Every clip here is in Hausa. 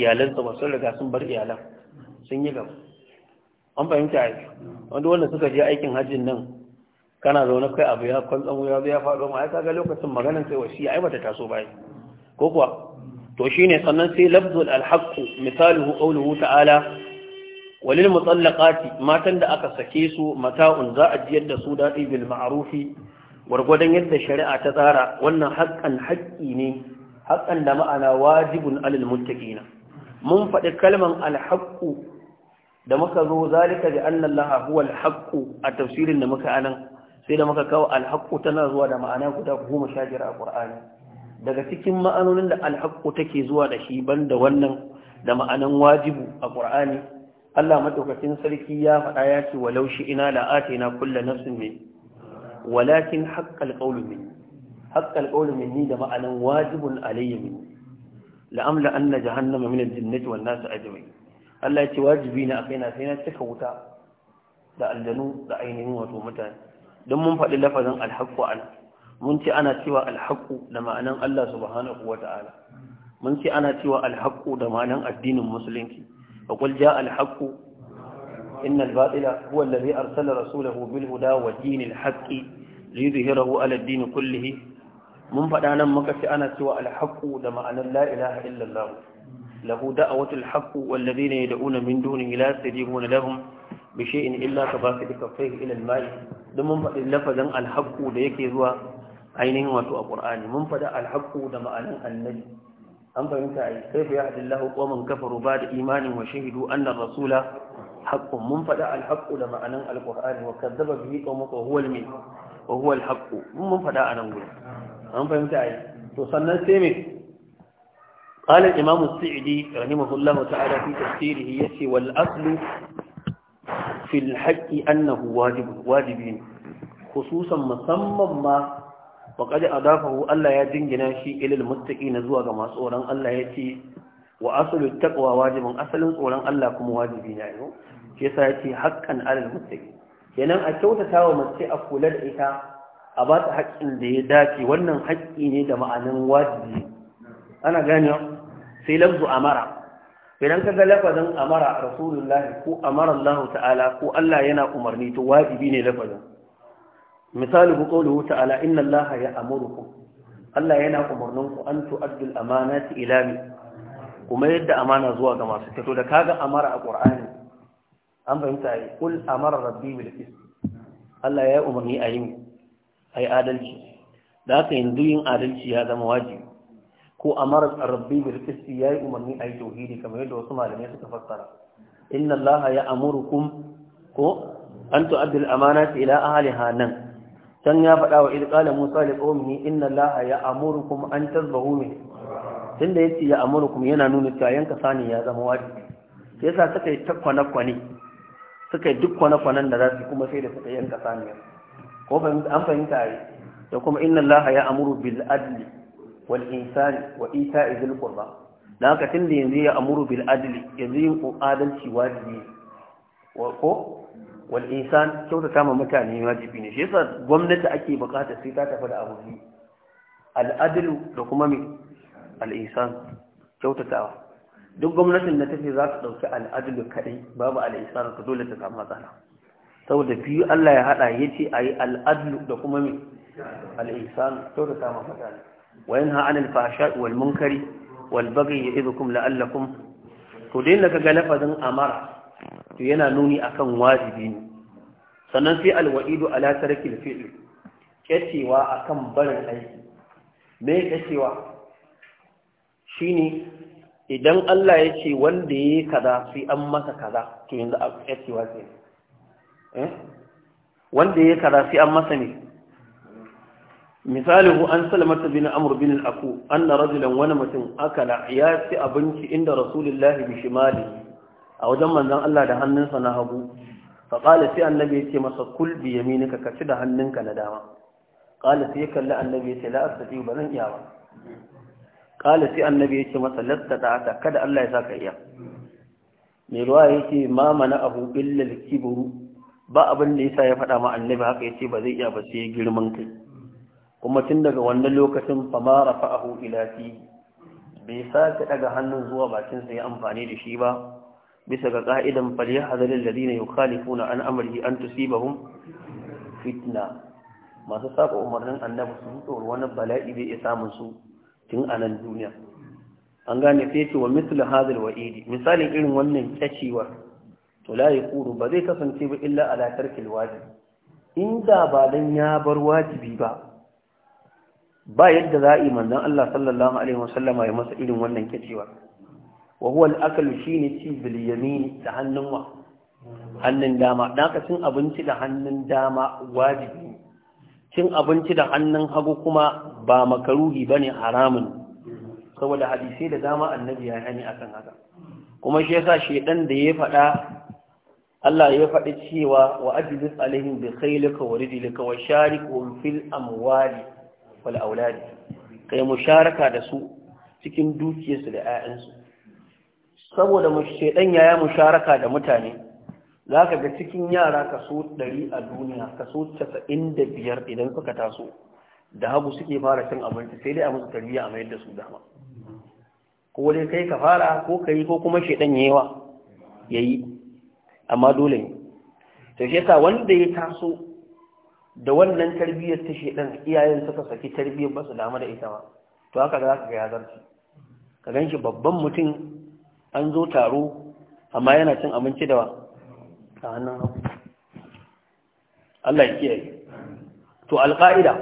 iyalansa ba sun riga sun bar iyalan sun yi gaba an fahimta aiki wanda wanda suka je aikin hajjin nan kana zaune kai abu ya kwantsan wuya ya faɗo ma ya kaga lokacin maganar sai wasiya ai bata taso ba ko kuwa to shine sannan sai lafzul alhaq misaluhu qawluhu ta'ala walil mutallaqati matan da aka sake su mata'un za a jiyar da su dadi bil ma'rufi gwargwadon yadda shari'a ta tsara wannan haƙƙan haƙƙi ne haƙƙan da ma'ana wajibun alal muttaqina mun faɗi kalman alhaƙu da muka zo zalika da annallaha laha huwa alhaƙu a tafsirin da muka anan sai da muka kawo alhaƙu tana zuwa da ma'ana guda goma sha biyar a ƙur'ani daga cikin ma'anonin da alhaƙu take zuwa da shi banda wannan da ma'anan wajibu a ƙur'ani Allah madaukakin sarki ya faɗa ya ce walau shi ina la'atina kullu nafsin min walakin haqqal qawlu haƙƙal haqqal qawlu da ma'anan wajibun Alayyamin. la'amla anna jahannama min al-jinnati wan nas ajma'in Allah ya ce wajibi ne akai sai na cika wuta da aljanu da ainihin wato mutane don mun faɗi lafazin alhaqqu ana mun ce ana cewa alhaqqu da ma'anan Allah subhanahu wata'ala mun ce ana cewa alhaqqu da ma'anan addinin musulunci wa qul ja'a alhaqqu innal batila huwa alladhi arsala rasulahu bil huda wa dinil haqqi liyudhhirahu ala ad-din kullihi mun faɗa nan muka ci ana cewa alhaƙu da ma'anar la ilaha illallah lahu da'awatul haqqu wal ladina yad'una min dunihi la yastajibuna lahum bi shay'in illa ka basit kaffayhi ila al-ma'i dan mun faɗi lafazan alhaqqu da yake zuwa ainihin wato a Qur'ani mun faɗa alhaqqu da ma'anar annabi an fahimta ai kaifa yahdillahu qauman kafaru ba'da imanin wa shahidu anna rasula haqqun mun faɗa alhaqqu da ma'anar alqur'ani wa kadzdzaba bihi qaumuka huwa al-mi wa huwa alhaqqu mun faɗa anan gurin an fahimta a yi to sannan sai mai ƙalin imamu sa'idi rahimahullah wa ta'ala fi tafsiri ya ce wal aslu fil haƙƙi annahu wajibi ne khususan musamman ma wa qad adafahu Allah ya dingina shi ilal muttaqin zuwa ga masu tsoron Allah yace wa aslu taqwa wajibun asalin tsoron Allah kuma wajibi ne yau shi yasa yace haqqan alal muttaqin kenan a kyautata wa mutsi a kula da ita a ba ta haƙƙin da ya dace wannan haƙƙi ne da ma'anin wajibi ana gani sai lafzu amara idan ka ga lafazin amara rasulullah ko amara Allah ta'ala ko Allah yana umarni to wajibi ne lafazin misali ku qawluhu ta'ala inna Allah ya'murukum Allah yana umarnin ku an tu'addu al-amanati ila kuma yadda amana zuwa ga masu fito da kaga amara a ƙur'ani an fahimta yi kul amara rabbi bil qist Allah ya umarni a yi ai adalci da aka yi duyin adalci ya zama wajibi ko a amara rabbi bil qisti yayi umarni ai tauhidi kamar yadda wasu malamai suka fassara inna allaha ya'murukum ko an tu'addu al amanati ila ahliha nan dan ya faɗa wa idqala musa li qaumihi inna allaha ya'murukum an tazbahu min tunda yace ya'murukum yana nuna cewa yanka sani ya zama wajibi yasa suka yi takwana kwane suka yi duk kwana-kwanan da za su kuma sai da suka yanka saniyar ko an fahimta a yi. da kuma inna Allah ya amuru bil adli wal insani wa ita'i dhil qurba dan haka da yanzu ya amuru bil adli yanzu yin adalci wajibi wa ko wal insan kyautata ma mutane wajibi ne shi yasa gwamnati ake bukata sai ta tafi da abu biyu al adlu da kuma mi al insan kyautatawa duk gwamnatin da tafi za ta dauki al adlu kadai babu al insan ka dole ta samu matsala saboda biyu Allah ya haɗa ya ce a yi al'adlu da kuma mai al'isan kyautata ma mutane wa Wayan ha'anil fasha wal munkari wal bagi ya izu kum la'allakum to da yin da kaga lafazin amara to yana nuni akan wajibi ne sannan sai alwa'idu ala tarkil fi'l kyacewa akan barin aiki me kyacewa ne. idan Allah ya ce wanda ya yi kaza sai an masa kaza to yanzu a kyacewa sai Eh? wanda ya karafi an masa ne misalihu an salamata bin amur bin al'aku an na rajulan wani mutum akala ya ci abinci inda rasulullahi bishi mali. a wajen manzan Allah da hannunsa na hagu faƙala sai annabi ya ce masa kul bi yaminika ka ci da hannunka na dama ƙala sai ya kalli annabi ya ce la astati ba zan iya ba ƙala sai annabi ya ce masa ta da kada Allah ya ka iya mai ruwa ya ce ma mana abu illa kiburu ba abin da yasa ya faɗa ma annabi haka yace ba zai iya ba sai girman kai kuma tun daga wannan lokacin fa ma rafa'ahu ila fi bai sake daga hannun zuwa bakin sa ya amfani da shi ba bisa ga ka'idan falyahzar alladhina yukhalifuna an amrihi an tusibahum fitna masu saka umarnin annabi su tsoro wani bala'i bai isa samun su tun a nan duniya an gane sai ce wa mithlu hadal wa'idi misalin irin wannan kyacewar wala ya kuru ba zai kasance ba illa ala tarkil wajibi inda ba dan ya bar wajibi ba ba yadda za a yi manzan Allah sallallahu Alaihi wasallama ya masa irin wannan kyacewa wa huwa al'akal shi ne ci biliyami da hannun wa hannun dama cin abinci da hannun dama wajibi cin abinci da hannun hagu kuma ba makaruhi ba ne haramun saboda hadisai da dama annabi ya hani akan haka kuma shi yasa shedan da ya faɗa Allah ya faɗi cewa wa ajlis alaihim bi khaylika wa rijlika wa sharikhum fil amwali wal auladi kai musharaka da su cikin dukiyarsu da 'ya'yansu. saboda shedan yaya musharaka da mutane zaka ga cikin yara kaso 100 a duniya kaso biyar idan suka taso da hagu suke fara cin abinci sai dai a musu tarbiyya a mayar da su dama ko dai kai ka fara ko kai ko kuma shedan yawa? wa yayi amma dole ne to shi yasa wanda ya taso da wannan tarbiyyar ta shedan iyayen suka saki tarbiyyar ba su damu da ita ba to haka za ka ga ya zarci ka ganshi babban mutum an zo taro amma yana cin abinci da wa a hannun hagu Allah ya kiyaye to alƙa'ida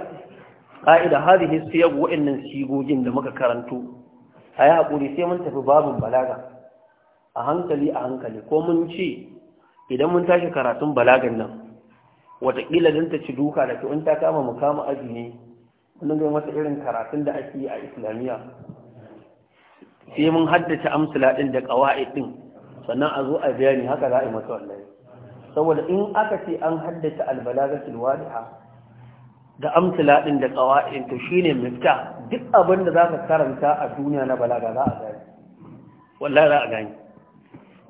ƙa'ida hadhihi siyag wa'annan sigogin da muka karanto ayi hakuri sai mun tafi babun balaga a hankali a hankali ko mun ce idan mun tashi karatun balagan nan watakila don ta ci duka da in ta kama mu kama azumi mun ga masa irin karatun da ake yi a islamiyya sai mun haddace amsala din da qawaid din sannan a zo a bayani haka za a yi masa wallahi saboda in aka ce an haddace albalagatul wadiha da amsala din da qawaid to shine mifta duk abin da zaka karanta a duniya na balaga za a gani wallahi za a gani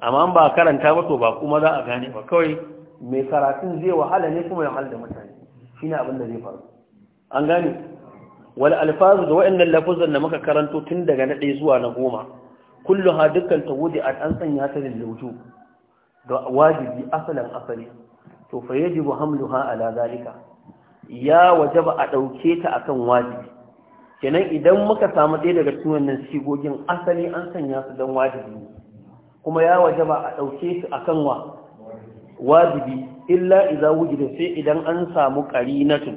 amma ba karanta ba to ba kuma za a gane ba kawai mai karatun zai wahala ne kuma ya halda mutane shi abin da zai faru an gane wal alfazu da wayannan lafuzan da muka karanto tun daga na ɗaya zuwa na goma ha dukkan a an sanya ta da wujub ga wajibi asalan asali to fa yajibu hamluha ala zalika ya wajaba a ɗauke ta akan wajibi kenan idan muka samu ɗaya daga cikin wannan sigogin asali an sanya su dan wajibi kuma ya waje ba a ɗauke su a kanwa. wa wajibi illa iza wujida sai idan an samu ƙarinatu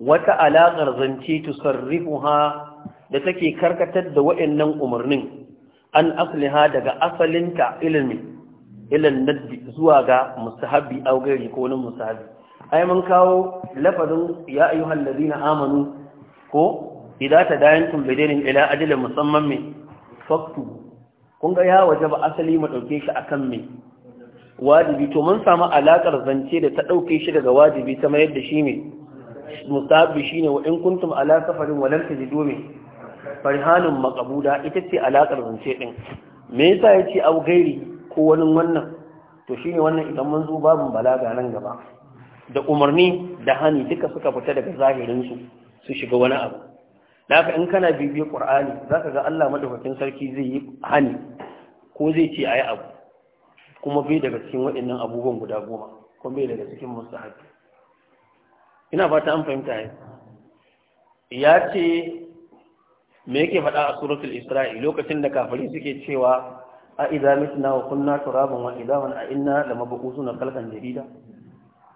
wata alaƙar zance tusarrifu ha da take karkatar da wa'annan umarnin an asliha daga asalinta ilmi ilan nadbi zuwa ga mustahabi au gari ko wani mustahabi ai mun kawo lafazin ya ayyuhal ladina amanu ko idza tadayantum bidainin ila ajalin musamman mai, faktubu kun ga ya waje ba asali mu ɗauke shi akan me wajibi to mun samu alakar zance da ta ɗauke shi daga wajibi ta mayar da shi ne musabbi shi ne wa in kuntum ala safarin wa lam tajidu me maqbuda ita ce alaƙar zance ɗin me yasa yace au gairi ko wani wannan to shi ne wannan idan mun zo babun balaga nan gaba da umarni da hani duka suka fita daga zahirin su su shiga wani abu haka in kana bibiyar ƙur'ani za ka ga Allah madaukakin sarki zai yi hani ko zai ce a yi abu kuma bai daga cikin waɗannan abubuwan guda goma ko bai daga cikin masu haƙi ina ba ta an fahimta ya ya ce me yake faɗa a suratul isra'i lokacin da kafari suke cewa a idza mitna wa kunna turaban wa idaman a inna lamabqusuna khalqan jarida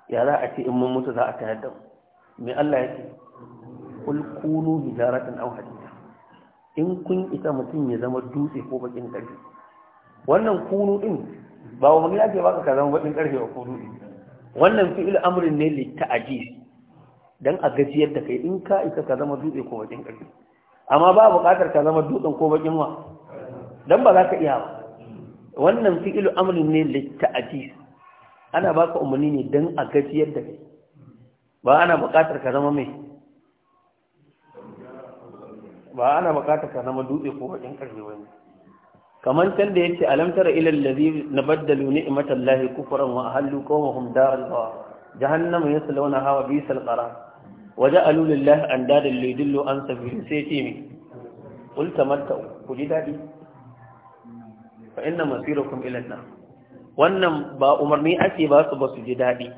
ya za a ce in mun mutu za a tayar da mu me Allah ya ce kul kunu hijaratan aw hadida in kun isa mutum ya zama dutse ko bakin karfe wannan kunu din ba wa magana ake baka ka zama bakin karfe ba kunu din wannan fi'il amrin ne li ta'jiz dan a gajiyar da kai in ka isa ka zama dutse ko bakin karfe amma ba buƙatar ka zama dutsen ko bakin wa dan ba za ka iya ba wannan fi'il amrin ne li ta'jiz ana baka umarni ne dan a gajiyar da kai ba ana buƙatar ka zama mai ba ana bukatar ka zama dutse ko bakin karfe bane kamar can da yace alam tara ila allazi nabaddalu lahi, kufran wa ahallu qawmahum daral bawa jahannama yaslawnaha wa bisal qarar وجعلوا لله اندادا ليدلوا عن سبيله سيتي مي قل تمتعوا كجي دادي فان مصيركم الى النار wannan ba umarni ake ba su ba su ji dadi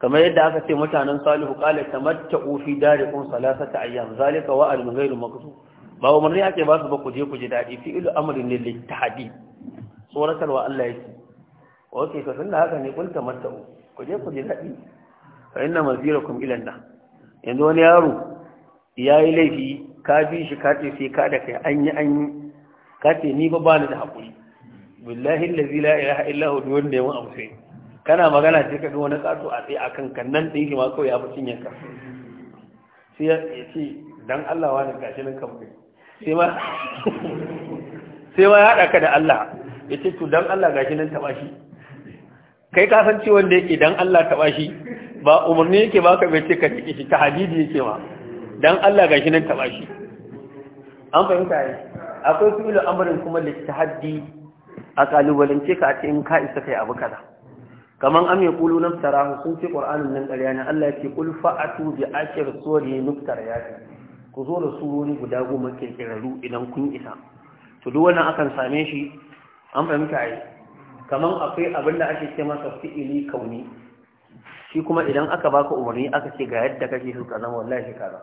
kamar yadda aka ce mutanen salihu qala tamatta'u fi darikum salasata ayyam zalika wa'al ghayru maghzub ba umarni ake ba su ba ku je ku ji daɗi fi ilu amurin ne littahadi tsoratarwa Allah ya ce ok ka sun da haka ne kulta mata'u ku je ku ji daɗi ma zira kuma ilan nan yanzu wani yaro ya yi laifi ka bi shi ka ce sai ka da kai an yi an yi ka ce ni ba ba ni da haƙuri billahi allazi la ilaha illa hu duk wanda ya mu amsa kana magana sai ka ga wani kato a tsaye akan kan nan ɗin shi ma kawai ya fi cinye ka sai ya ce dan Allah wani gashi nan kamfani sai ma ya haɗa ka da Allah ya ce to don Allah ga shi nan taɓa shi kai ka san ciwon da yake don Allah taɓa shi ba umarni yake baka bai ce ka ciki shi ta hadidi yake ma don Allah shi nan taɓa shi an fahimta ne akwai su ilo amarin kuma haddi a kalubalance ka a ce in ka isa kai abu kaza kaman am ya kulu naftarahu sun ce ƙwar'anin nan ƙarya ne Allah ya ce a fa'atu bi ashir suri nuktar ya ce ku zo da surori guda goma kirkirarru idan kun isa to duk wannan akan same shi an fahimta ai kaman akwai abin da ake ce masa fi'ili kauni shi kuma idan aka baka umarni aka ce ga yadda kake so ka zama wallahi kaza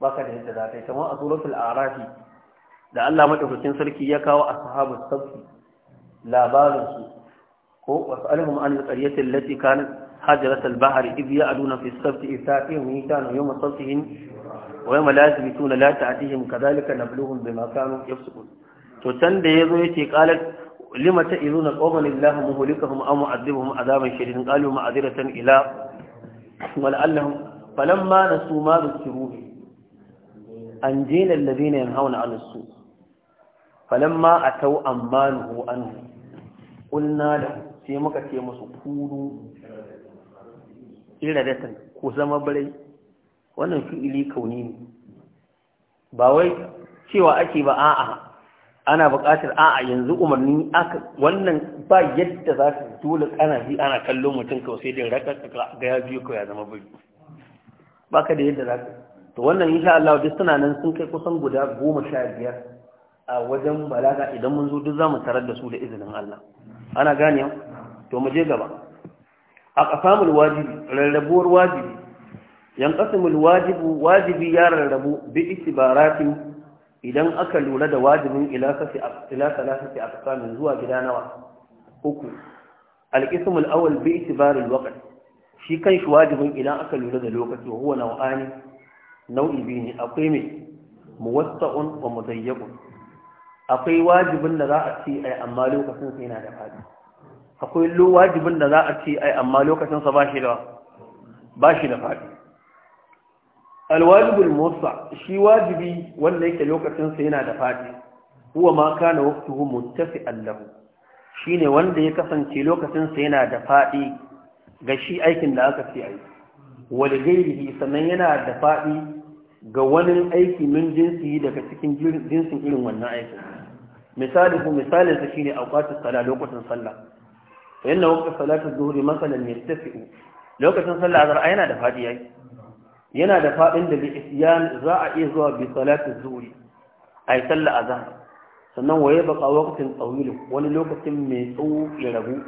baka da yadda za ka kamar a suratul arafi da Allah madaukakin sarki ya kawo ashabu sabbi labarin su ko wasalhum an al-qaryati kanat حجرة البحر إذ يألون في السبت إذ تأتيهم هيتان يوم سبتهم ويوم لا يثبتون لا تأتيهم كذلك نبلوهم بما كانوا يفسقون وتن ده يزو يتي قالت لما تئذون قوما الله مهلكهم أو معذبهم عذابا شديدا قالوا معذرة إلى ولعلهم فلما نسوا ما ذكروا به أنجينا الذين ينهون عن السوء فلما أتوا أمانه عنه قلنا له سيمك تيمس كونوا iradatan ku zama birai wannan fi'ili kauni ne ba wai cewa ake ba a'a ana buƙatar a'a yanzu umarni aka wannan ba yadda za ka dole kana ji ana kallon mutum kawai sai da raka ga ya biyu ko ya zama biri ba ka da yadda za ka to wannan insha Allah duk suna nan sun kai kusan guda goma sha biyar a wajen balaga idan mun zo duk za mu tarar da su da izinin Allah ana gane to mu je gaba aqsamul wajibi rarrabuwar wajibi yanqasimul wajibu wajibi ya rarrabu bi itibaratin idan aka lura da wajibin ila sasi ila salasati aqsamin zuwa gida nawa uku alqismul awwal bi itibaril waqt shi shi wajibin idan aka lura da lokaci huwa nau'ani nau'i biyu ne akwai mai muwassa'un wa mudayyaqun akwai wajibin da za a ci ai amma lokacin sai yana da fadi akwai wajibin da za a ce ai amma lokacinsa ba shi da da faɗi musa shi wajibi wanda yake lokacinsa yana da faɗi huwa ma kana waqtuhu muttafi allahu shine wanda ya kasance lokacinsa yana da faɗi ga shi aikin da aka ce ai wal gairihi sannan yana da faɗi ga wani aiki min jinsi daga cikin jinsin irin wannan aikin misali ko misalin ne shine awqatus sala lokacin sallah fa inna waqta salatu dhuhri masalan yastafi'u lokacin sallah azhar yana da fadi yayi yana da fadin da bi isyan za a iya zuwa bi salatu dhuhri ay sallah azhar sannan waye baka waqtin tawil wani lokacin mai tsawo ya rabu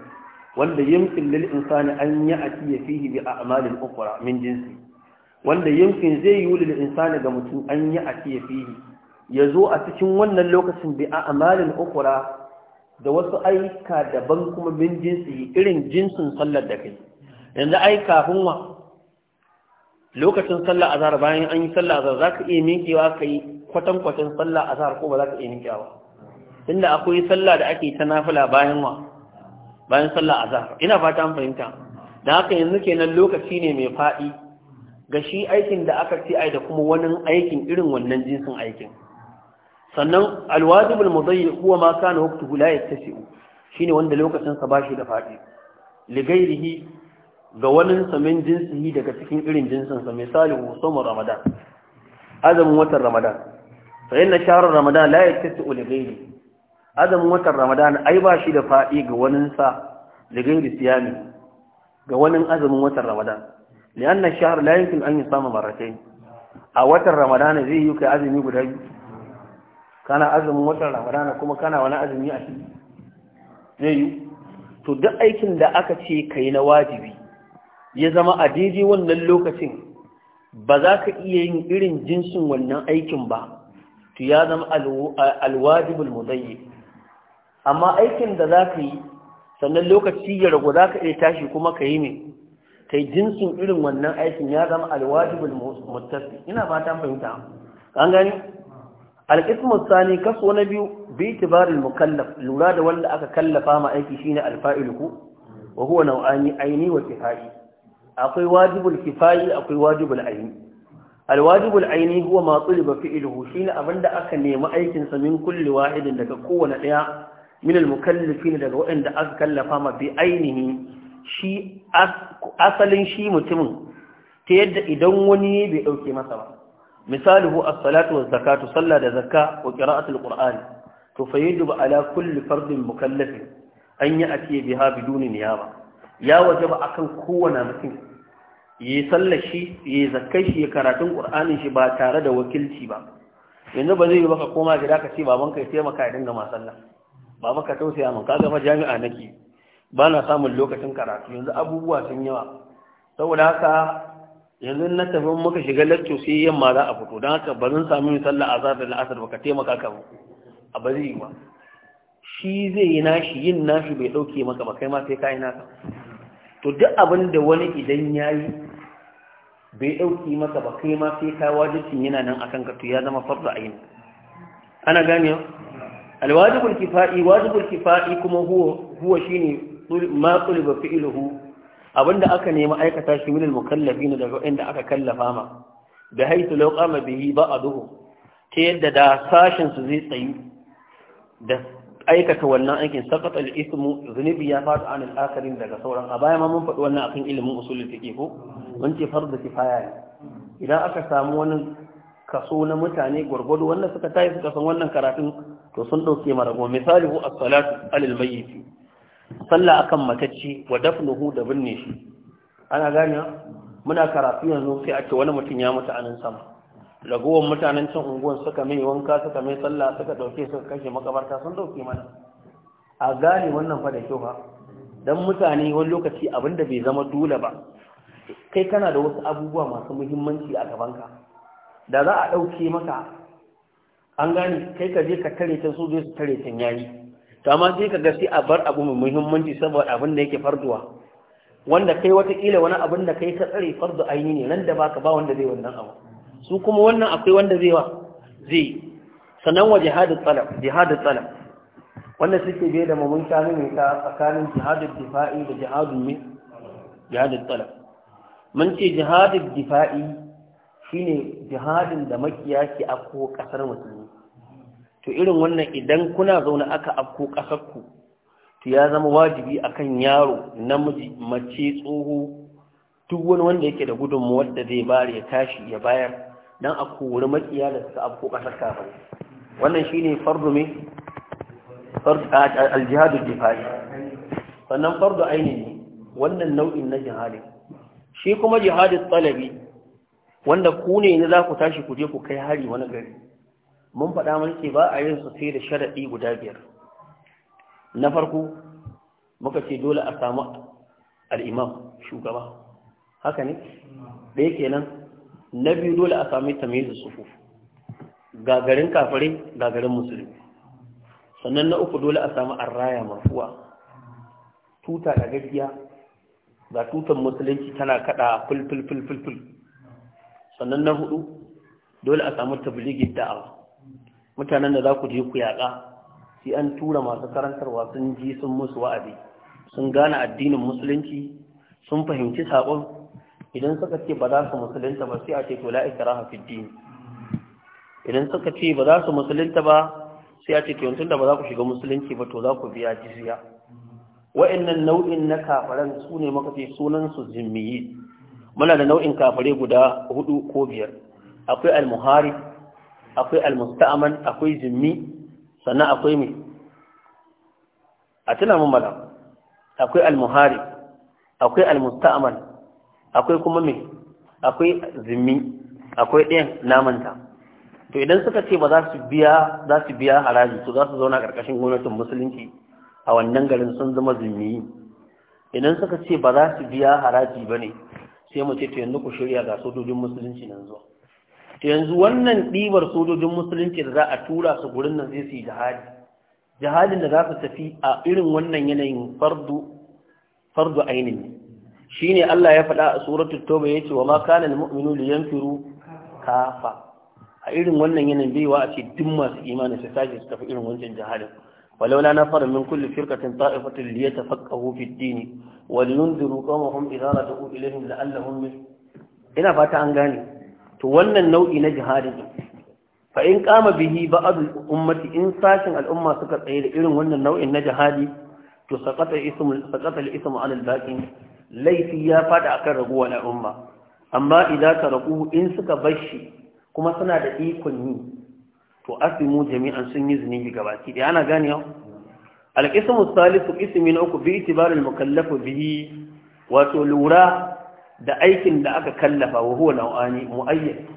wanda yumkin lil insani an ya'ti fihi bi a'malin ukhra min jinsi wanda yumkin zai yi lil insani ga mutum an ya'ti fihi ya zo a cikin wannan lokacin bi a'malin ukhra da wasu aika daban kuma min jinsi irin jinsin sallar da kai yanzu ai kafin wa lokacin sallar azhar bayan an yi sallar azhar zaka iya minkewa kai kwatan kwatan sallar azhar ko ba zaka iya minkewa ba tunda akwai sallah da ake ta nafila bayan wa bayan sallar azhar ina fata an fahimta dan haka yanzu kenan lokaci ne mai fadi ga shi aikin da aka ci ai da kuma wani aikin irin wannan jinsin aikin sannan alwajibul mudayyi huwa ma kana waqtuhu la yattasi'u shine wanda lokacin sa bashi da fadi li ghairihi ga wani samin jinsi daga cikin irin jinsin sa misali musamman ramadan Azamin watan ramadan fa inna shahr ramadan la yattasi'u li ghairi Azamin watan ramadan ai bashi da fadi ga wani sa li ghairi siyami ga wani azamin watan ramadan li anna shahr la yumkin an yusama marratayn a watan ramadan zai yi kai azumi guda biyu kana azumin watan ramadana kuma kana wani azumi a ciki zai yi to duk aikin da aka ce ka yi na wajibi ya zama a daidai wannan lokacin ba za ka iya yin irin jinsin wannan aikin ba to ya zama alwajibul mudayyi amma aikin da za ka yi sannan lokaci ya ragu za ka iya tashi kuma ka yi ne ta yi jinsin irin wannan aikin ya zama alwajibul mutasi ina fata fahimta an gani alƙismu sani kaso na biyu bi tibarin mukallaf lura da wanda aka kallafa ma aiki shine alfa'iluku wa huwa nau'ani aini wa kifai akwai wajibul kifai akwai wajibul aini alwajibul aini huwa ma tuliba fi'luhu shine abinda aka nemi aikin sa min kulli wahidin daga kowane daya min almukallafin daga waɗanda aka kallafa ma bi ainihi shi asalin shi mutumin ta yadda idan wani bai ɗauke masa ba misaluhu as-salatu wa zakatu sallah da zakka wa qira'atul qur'an to fayidu ala kulli fardin mukallaf an yi ake biha biduni niyaba ya wajaba akan kowanne mutum yi sallar shi yi zakkai shi karatun qur'anin shi ba tare da wakilci ba yanzu ba zai yi baka koma gida ka ce baban ka ya taimaka ya dinga masallah baba ka tausaya min kaga fa jami'a nake ba na samun lokacin karatu yanzu abubuwa sun yawa saboda haka yanzu na tafi muka shiga lacco sai yamma za a fito don haka ba zan sami yin sallah azhar da la'asar ba ka taimaka ka mu a ba zai yi ba shi zai yi nashi yin nashi bai dauke maka ba kai ma sai kayi naka to duk abin da wani idan ya yi bai dauke maka ba kai ma sai kayi wajibin yana nan akan ka to ya zama a ayin ana gane alwajibul kifai wajibul kifai kuma huwa huwa shine ma tuliba fi'luhu abinda aka nemi aikata shi minal mukallafin daga inda aka kallafa ma da haitu law ba a duhu. ta yadda da sashen su zai tsayi da aikata wannan aikin saqata al-ismu zunubi ya fata an al daga sauran a baya ma mun faɗi wannan akan ilimin usulul ke ko mun ce fardu kifaya ne idan aka samu wani kaso na mutane gwargwado wannan suka tayi suka san wannan karatun to sun ɗauke mara goma misali ko as-salatu alal mayyit sallah akan matacci wa dafnuhu da binne shi ana gane muna karatu yanzu sai a ce wani mutum ya mutu a nan sama ragowar mutanen cin unguwan suka mai wanka suka mai sallah suka dauke suka kashe makabarta sun dauke mana a gane wannan fa da kyau ba dan mutane wani lokaci abinda bai zama dole ba kai kana da wasu abubuwa masu muhimmanci a gabanka da za a dauke maka an gane kai ka je ka tare ta su zai tare ta yayi to amma sai ka ga sai a bar abu mai muhimmanci saboda abin da yake farduwa wanda kai watakila wani abin da kai ka tsare fardu aini ne nan da baka ba wanda zai wannan abu su kuma wannan akwai wanda zai wa zai sanan wa jihadu talab jihadu talab wanda suke bai da mamun shanu ne ta tsakanin jihadu difa'i da jihadu min jihadu talab mun ce jihadu difa'i shine jihadin da makiya ke ko kasar musulmi to irin wannan idan kuna zaune aka afko ƙasarku to ya zama wajibi akan yaro namiji mace tsoho duk wani wanda yake da gudunmu wadda zai bari ya tashi ya bayar don a kori makiya da suka afko ƙasar kafin wannan shi ne fardu mai aljihadu jihadi sannan fardu ainihi wannan nau'in na jihadi shi kuma jihadin talabi wanda ku ne za ku tashi ku je ku kai hari wani gari mun faɗa mulki ba a yin su sai da sharaɗi guda biyar na farko muka ce dole a samu al'imam shugaba haka ne ɗaya nan, na biyu dole a sami tamizin sufu gagarin kafare gagarin musulmi sannan na uku dole a samu arraya mafuwa tuta da gajiya ga tutan musulunci tana kada fulfulfulful sannan na hudu dole a samu da'awa mutanen da za ku je ku yaƙa sai an tura masu karantarwa sun ji sun musu wa'azi sun gane addinin musulunci sun fahimci saƙon idan suka ce ba za su musulunta ba sai a ce to la ikraha fi idan suka ce ba za su musulunta ba sai a ce to yanzu da ba za ku shiga musulunci ba to za ku biya jizya wa'annan nau'in na kafaran su ne muka ce sunan su zimmiyi muna da nau'in kafare guda hudu ko biyar akwai al-muharib akwai almusta'aman akwai zimmi sannan akwai mai a tuna mu mana akwai almuhari akwai almusta'aman akwai kuma mai akwai zimmi akwai ɗayan namanta to idan suka ce ba za su biya za su biya haraji to za su zauna ƙarƙashin gwamnatin musulunci a wannan garin sun zama zimmi idan suka ce ba za su biya haraji ba ne sai mu ce to yanzu ku shirya ga sojojin musulunci nan zuwa yanzu wannan ɗibar sojojin musulunci da za a tura su gurin nan zai su yi jihadi jihadin da za su tafi a irin wannan yanayin fardu ainihin shine Allah ya faɗa a suratul toba ya ce wa ma kana mu'minu li yanfiru kafa a irin wannan yanayin baiwa a ce duk masu imani su tashi su tafi irin wancan jihadin ولولا نفر من كل فرقة طائفة ليتفقهوا في الدين ولينذروا قومهم إذا رجعوا إليهم لعلهم ina fata an gane to wannan nau'i na jihadi, fa in kama bihi ba'dul ummati in sashin al'umma suka tsaye da irin wannan nau'in na jihadi to saqata ismu saqata al 'ala al-baqin laifi ya fada akan raguwa na umma amma idan ragu in suka bashi kuma suna da ikon yi to asimu jami'an sun yi zunubi gabaki da ana gane yau al-ismu salisu ismi na uku bi itibar al-mukallaf bihi wato lura da aikin da aka kallafa wa huwa nau'ani mu'ayyan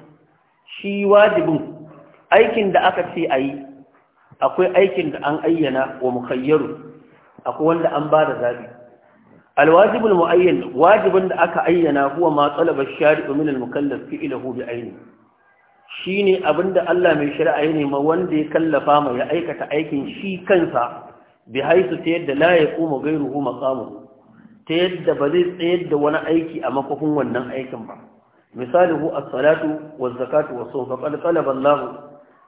shi wajibin aikin da aka ce ayi akwai aikin da an ayyana wa mukayyaru akwai wanda an bada da zabi alwajibul mu'ayyan wajibin da aka ayyana huwa ma talaba shari'u min al-mukallaf fi'luhu bi ayni shine abinda Allah mai shari'a ne ma wanda ya kallafa ma ya aikata aikin shi kansa bi haisu ta yadda la yaqumu ghayruhu maqamu ta yadda ba zai tsayar da wani aiki a makwafin wannan aikin ba misalihu as-salatu waz-zakatu was-sawm faqad Allah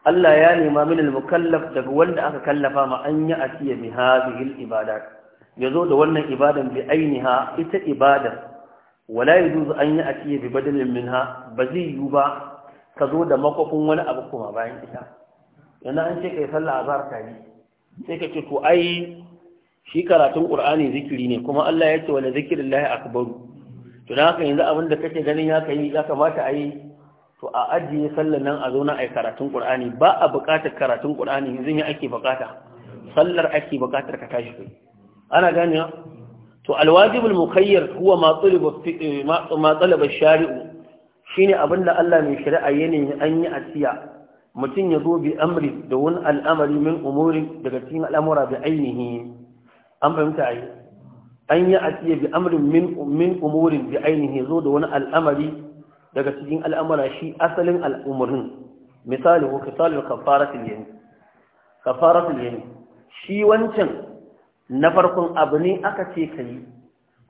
Allah ya nema min al-mukallaf daga wanda aka kallafa ma an yi atiya bi hadhihi al-ibadat yazo da wannan ibadan bi ainiha ita ibada. wala yajuzu an yi atiya bi badalin minha ba zai yu ba ka zo da makwafin wani abu kuma bayan ita yana an ce kai sallah azhar tare sai ka ce to ai shi karatun qur'ani zikiri ne kuma Allah ya ce wani zikirin wala zikrillahi akbaru to dan haka yanzu abin da kake ganin ya kai ya kamata a yi to a ajiye sallar nan a zauna a yi karatun qur'ani ba a buƙatar karatun qur'ani yanzu ne ake buƙata sallar ake buƙatar ka tashi kai ana gane to alwajibul mukayyar huwa ma talaba shari'u shine abin da Allah mai shari'a yanayin an yi asiya mutum ya zo bi amri da wani al'amari min umuri daga cikin al'amura da ainihi an fahimta a yi an yi a bi amrin min umurin bi ainihi zo da wani al'amari daga cikin al'amara shi asalin al'umurin misali ko misalin kafaratul yamin kafaratul yamin shi wancan na farkon abu ne aka ce ka yi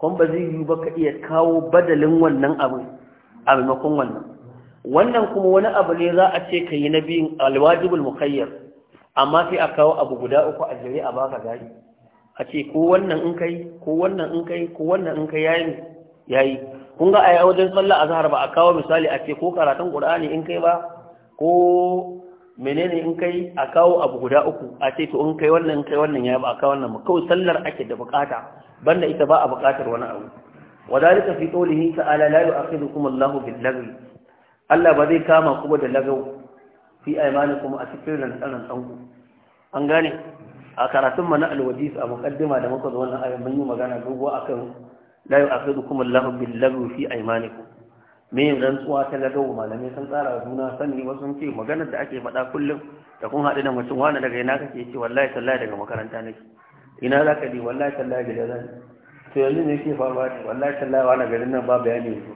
kun ba zai yi ba ka iya kawo badalin wannan abu a maimakon wannan wannan kuma wani abu ne za a ce ka yi na biyun alwajibul mukhayyar amma sai a kawo abu guda uku a jere a baka gari a ce ko wannan in kai ko wannan in kai ko wannan in kai yayi yayi kun ga a wajen sallah azhar ba a kawo misali a ce ko karatun qur'ani in kai ba ko menene in kai a kawo abu guda uku a ce to in kai wannan in kai wannan ya ba a kawo wannan ba kawai sallar ake da bukata banda ita ba a bukatar wani abu wadalika fi qawlihi ta'ala la yu'akhidukum Allahu bil lagwi Allah ba zai kama ku da lagaw fi aymanikum a cikin rantsan ku an gane a karatun mana alwajis a muqaddima da muka zo wannan ayan mun yi magana dogo akan la yu'akhidukum Allahu bil lagwi fi aymanikum me rantsuwa ta lagawo malamai sun tsara juna sani wasu sun ce maganar da ake faɗa kullum da kun haɗu da mutum wani daga ina kake ce wallahi tallahi daga makaranta nake ina za ka ji wallahi tallahi gida zan to yanzu ne ke faruwa ne wallahi tallahi wani garin nan ba bayani yanzu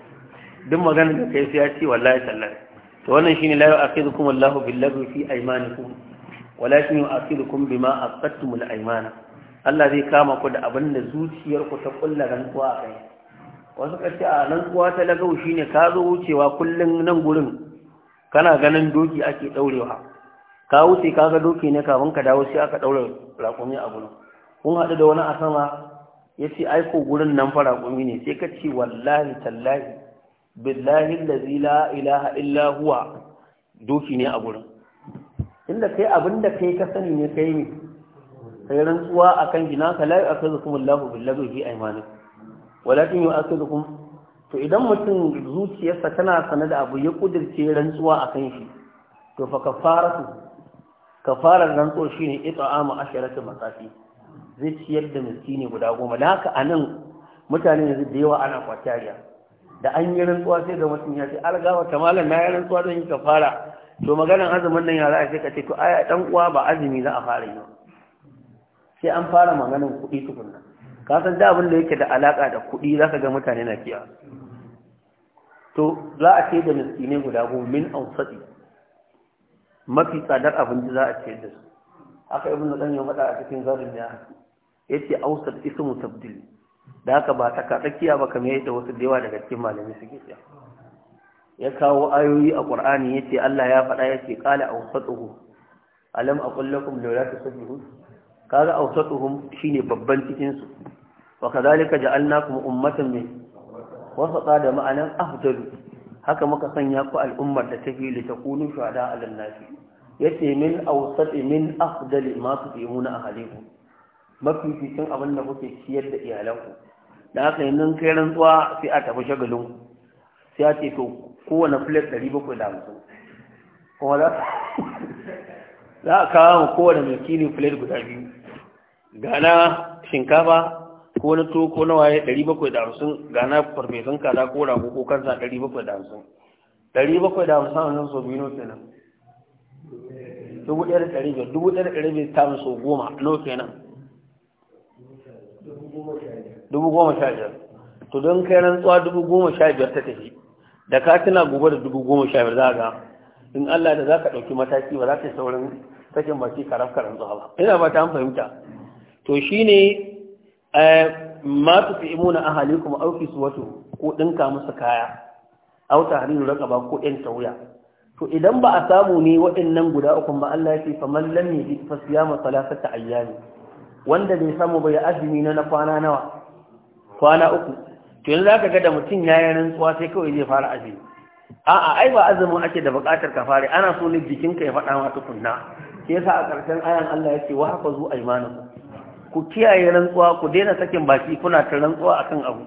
duk maganar da kai sai ya ce wallahi tallahi to wannan shine la yu'akhidukum Allahu bil lagwi fi aymanikum walakin yu'akhidukum a aqadtumul aymana Allah zai kama ku da abin da zuciyarku ta kulla rantsuwa a kai wasu kace a rantsuwa ta lagau shine ka zo wucewa kullum nan gurin kana ganin doki ake ɗaurewa ka wuce ka ga doki ne kafin ka dawo sai aka ɗaura raƙumi a gurin kun haɗu da wani a sama ya ce aiko gurin nan fa raƙumi ne sai ka ce wallahi tallahi billahi allazi la ilaha illa huwa doki ne a gurin inda kai abin da kai ka sani ne kai ne kai rantsuwa akan gina ka la yu'akhidhukum Allahu bil lagwi fi aymanikum walakin yu'akhidhukum to idan mutum zuciyarsa tana sanar da abu ya kudirce rantsuwa akan shi to fa kafaratu kafarar rantsuwa shine it'amu asharatu masafi zai ciyar da miskini guda goma da haka anan mutane ne da yawa ana kwatariya da an yi rantsuwa sai da mutum ya ce algawa kamalan na yi rantsuwa zan yi kafara to maganin azumin nan yara sai ka ce to ai dan uwa ba azumi za a fara yi sai an fara maganin kuɗi tukunna ka san da abin da yake da alaka da kuɗi zaka ga mutane na kiya to za a ce da miskine guda goma min ausadi mafi tsadar abinci za a ce da su aka ibn dan ya faɗa a cikin zarin ya yace ausad ismu tabdil da haka ba ta ka tsakiya ba kamar yadda wasu da yawa daga cikin malamai suke cewa ya kawo ayoyi a ƙur'ani ya ce Allah ya faɗa ya ce ƙala a wasatuhu alam a kullakum laula ta sabihu kaga a wasatuhum shine babban cikinsu wa kazalika ja'alnakum ummatan min wasata da ma'anan afdalu haka muka sanya ku al'ummar da ta fi li takunu shuhada 'alan Ya yace min awsati min afdali ma tudimuna ahalikum mafificin abin da kuke ciyar da iyalanku da haka yin kai rantsuwa sai a tafi shagalin sai a ce to kowane da hamsin, kuma za a kawo kowane mai kini plate guda biyu gana shinkafa ko na to ko na waye hamsin gana farfesun kaza ko rago ko kansa da hamsin samun so biyu no nan, dubu ɗaya da ɗari biyar dubu ɗaya da ɗari biyar ta so goma no nan, dubu goma sha biyar to don kai rantsuwa dubu goma sha biyar ta tafi da ka tuna gobe da dubu goma sha biyar za in Allah da za ka ɗauki mataki ba za ka yi saurin sakin baki karaf karan zuwa ba ina ba ta fahimta to ne eh, ma masu fi imuna ahali kuma auki su wato ko ɗinka musu kaya auta hariru raka ba ko ɗin ta wuya to idan ba a samu ne waɗannan guda uku ba Allah ya ce fa man lam yajid fa siyama salasata ayyami wanda bai samu ba ya azumi na kwana nawa kwana uku to yanzu zaka ga da mutum yayi rantsuwa sai kawai zai fara azumi a'a ai ba azumin ake da buƙatar ka fare ana so ne jikinka ya faɗa ma tukunna shi yasa a ƙarshen ayan Allah yake wa haka zu aymanakum ku kiyaye rantsuwa ku daina sakin baki kuna ta rantsuwa akan abu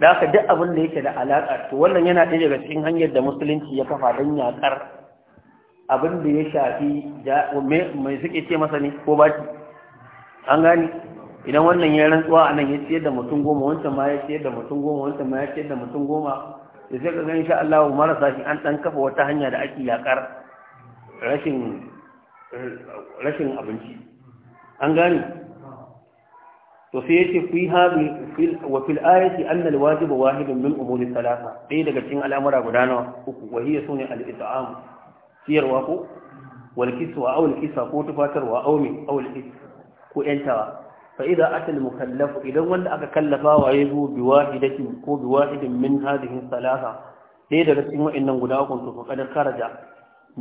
da haka duk abin da yake da alaka to wannan yana ɗaya daga cikin hanyar da musulunci ya kafa don yaƙar abin da ya shafi mai suke ce masa ne ko baki an gani idan wannan ya rantsuwa a nan ya ciyar da mutum goma wancan ma ya ciyar da mutum goma wancan ma ya ciyar da mutum goma da sai gani insha Allah marasa shi an dan kafa wata hanya da ake yakar rashin rashin abinci an gane to sai yace fi hadi fil wa fil ayati anna al wajib wahidun min umur al thalatha dai daga cikin al'amura guda nawa uku wa hiya sunni al it'am siyarwa ko wal kiswa aw al kisa ko tufatarwa aw min aw al ko yantawa فإذا أتى المكلف إذا ولد أكا كلفا وعيه بواحدة كو بواحد من هذه الثلاثة ليه درسيمو إنن قداؤكم فقد خرج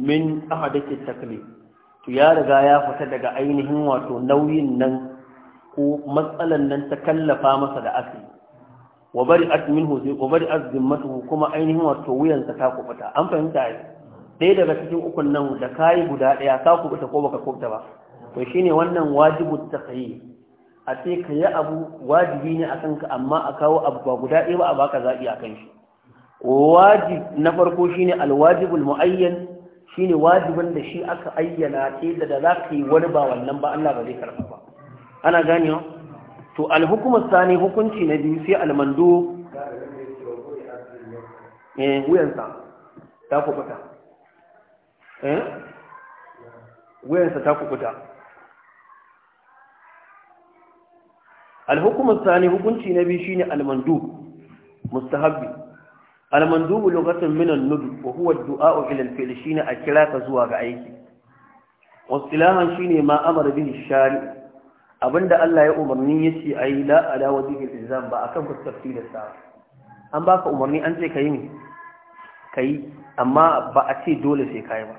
من أحدث التكليف يا رجايا فتدق عينهم وتنوي النن كو مسألة نن تكلفا مسألة أكل وبرئت منه وبرئت ذمته كما عينهم وتويا تكاكو فتا أم فهمت عيني ɗaya daga cikin ukun nan da kayi guda ɗaya ka kubuta ko baka kubuta ba to shine wannan wajibu tasayi a ce ka yi abu wajibi ne a kanka amma a kawo abu ba guda ɗaya ba a baka zaɓi a kan shi wajib na farko shine alwajibul mu'ayyan shine wajibin da shi aka ayyana ce da da za ka yi wani ba wannan ba Allah ba zai karɓa ba ana gane to alhukumar sani hukunci na biyu sai almando eh wuyansa ta kubuta eh ta kubuta alhukumus sani hukunci na biyu shine almandub mustahabbi almandubu lokacin minan nudu wa huwa du'a ila shi ne a kira ka zuwa ga aiki wasilahan shine ma amara shari abinda Allah ya umarni yace ayi la ala wajhil ilzam ba akan fuskar da sa an baka umarni an ce kai ne amma ba a ce dole sai yi ba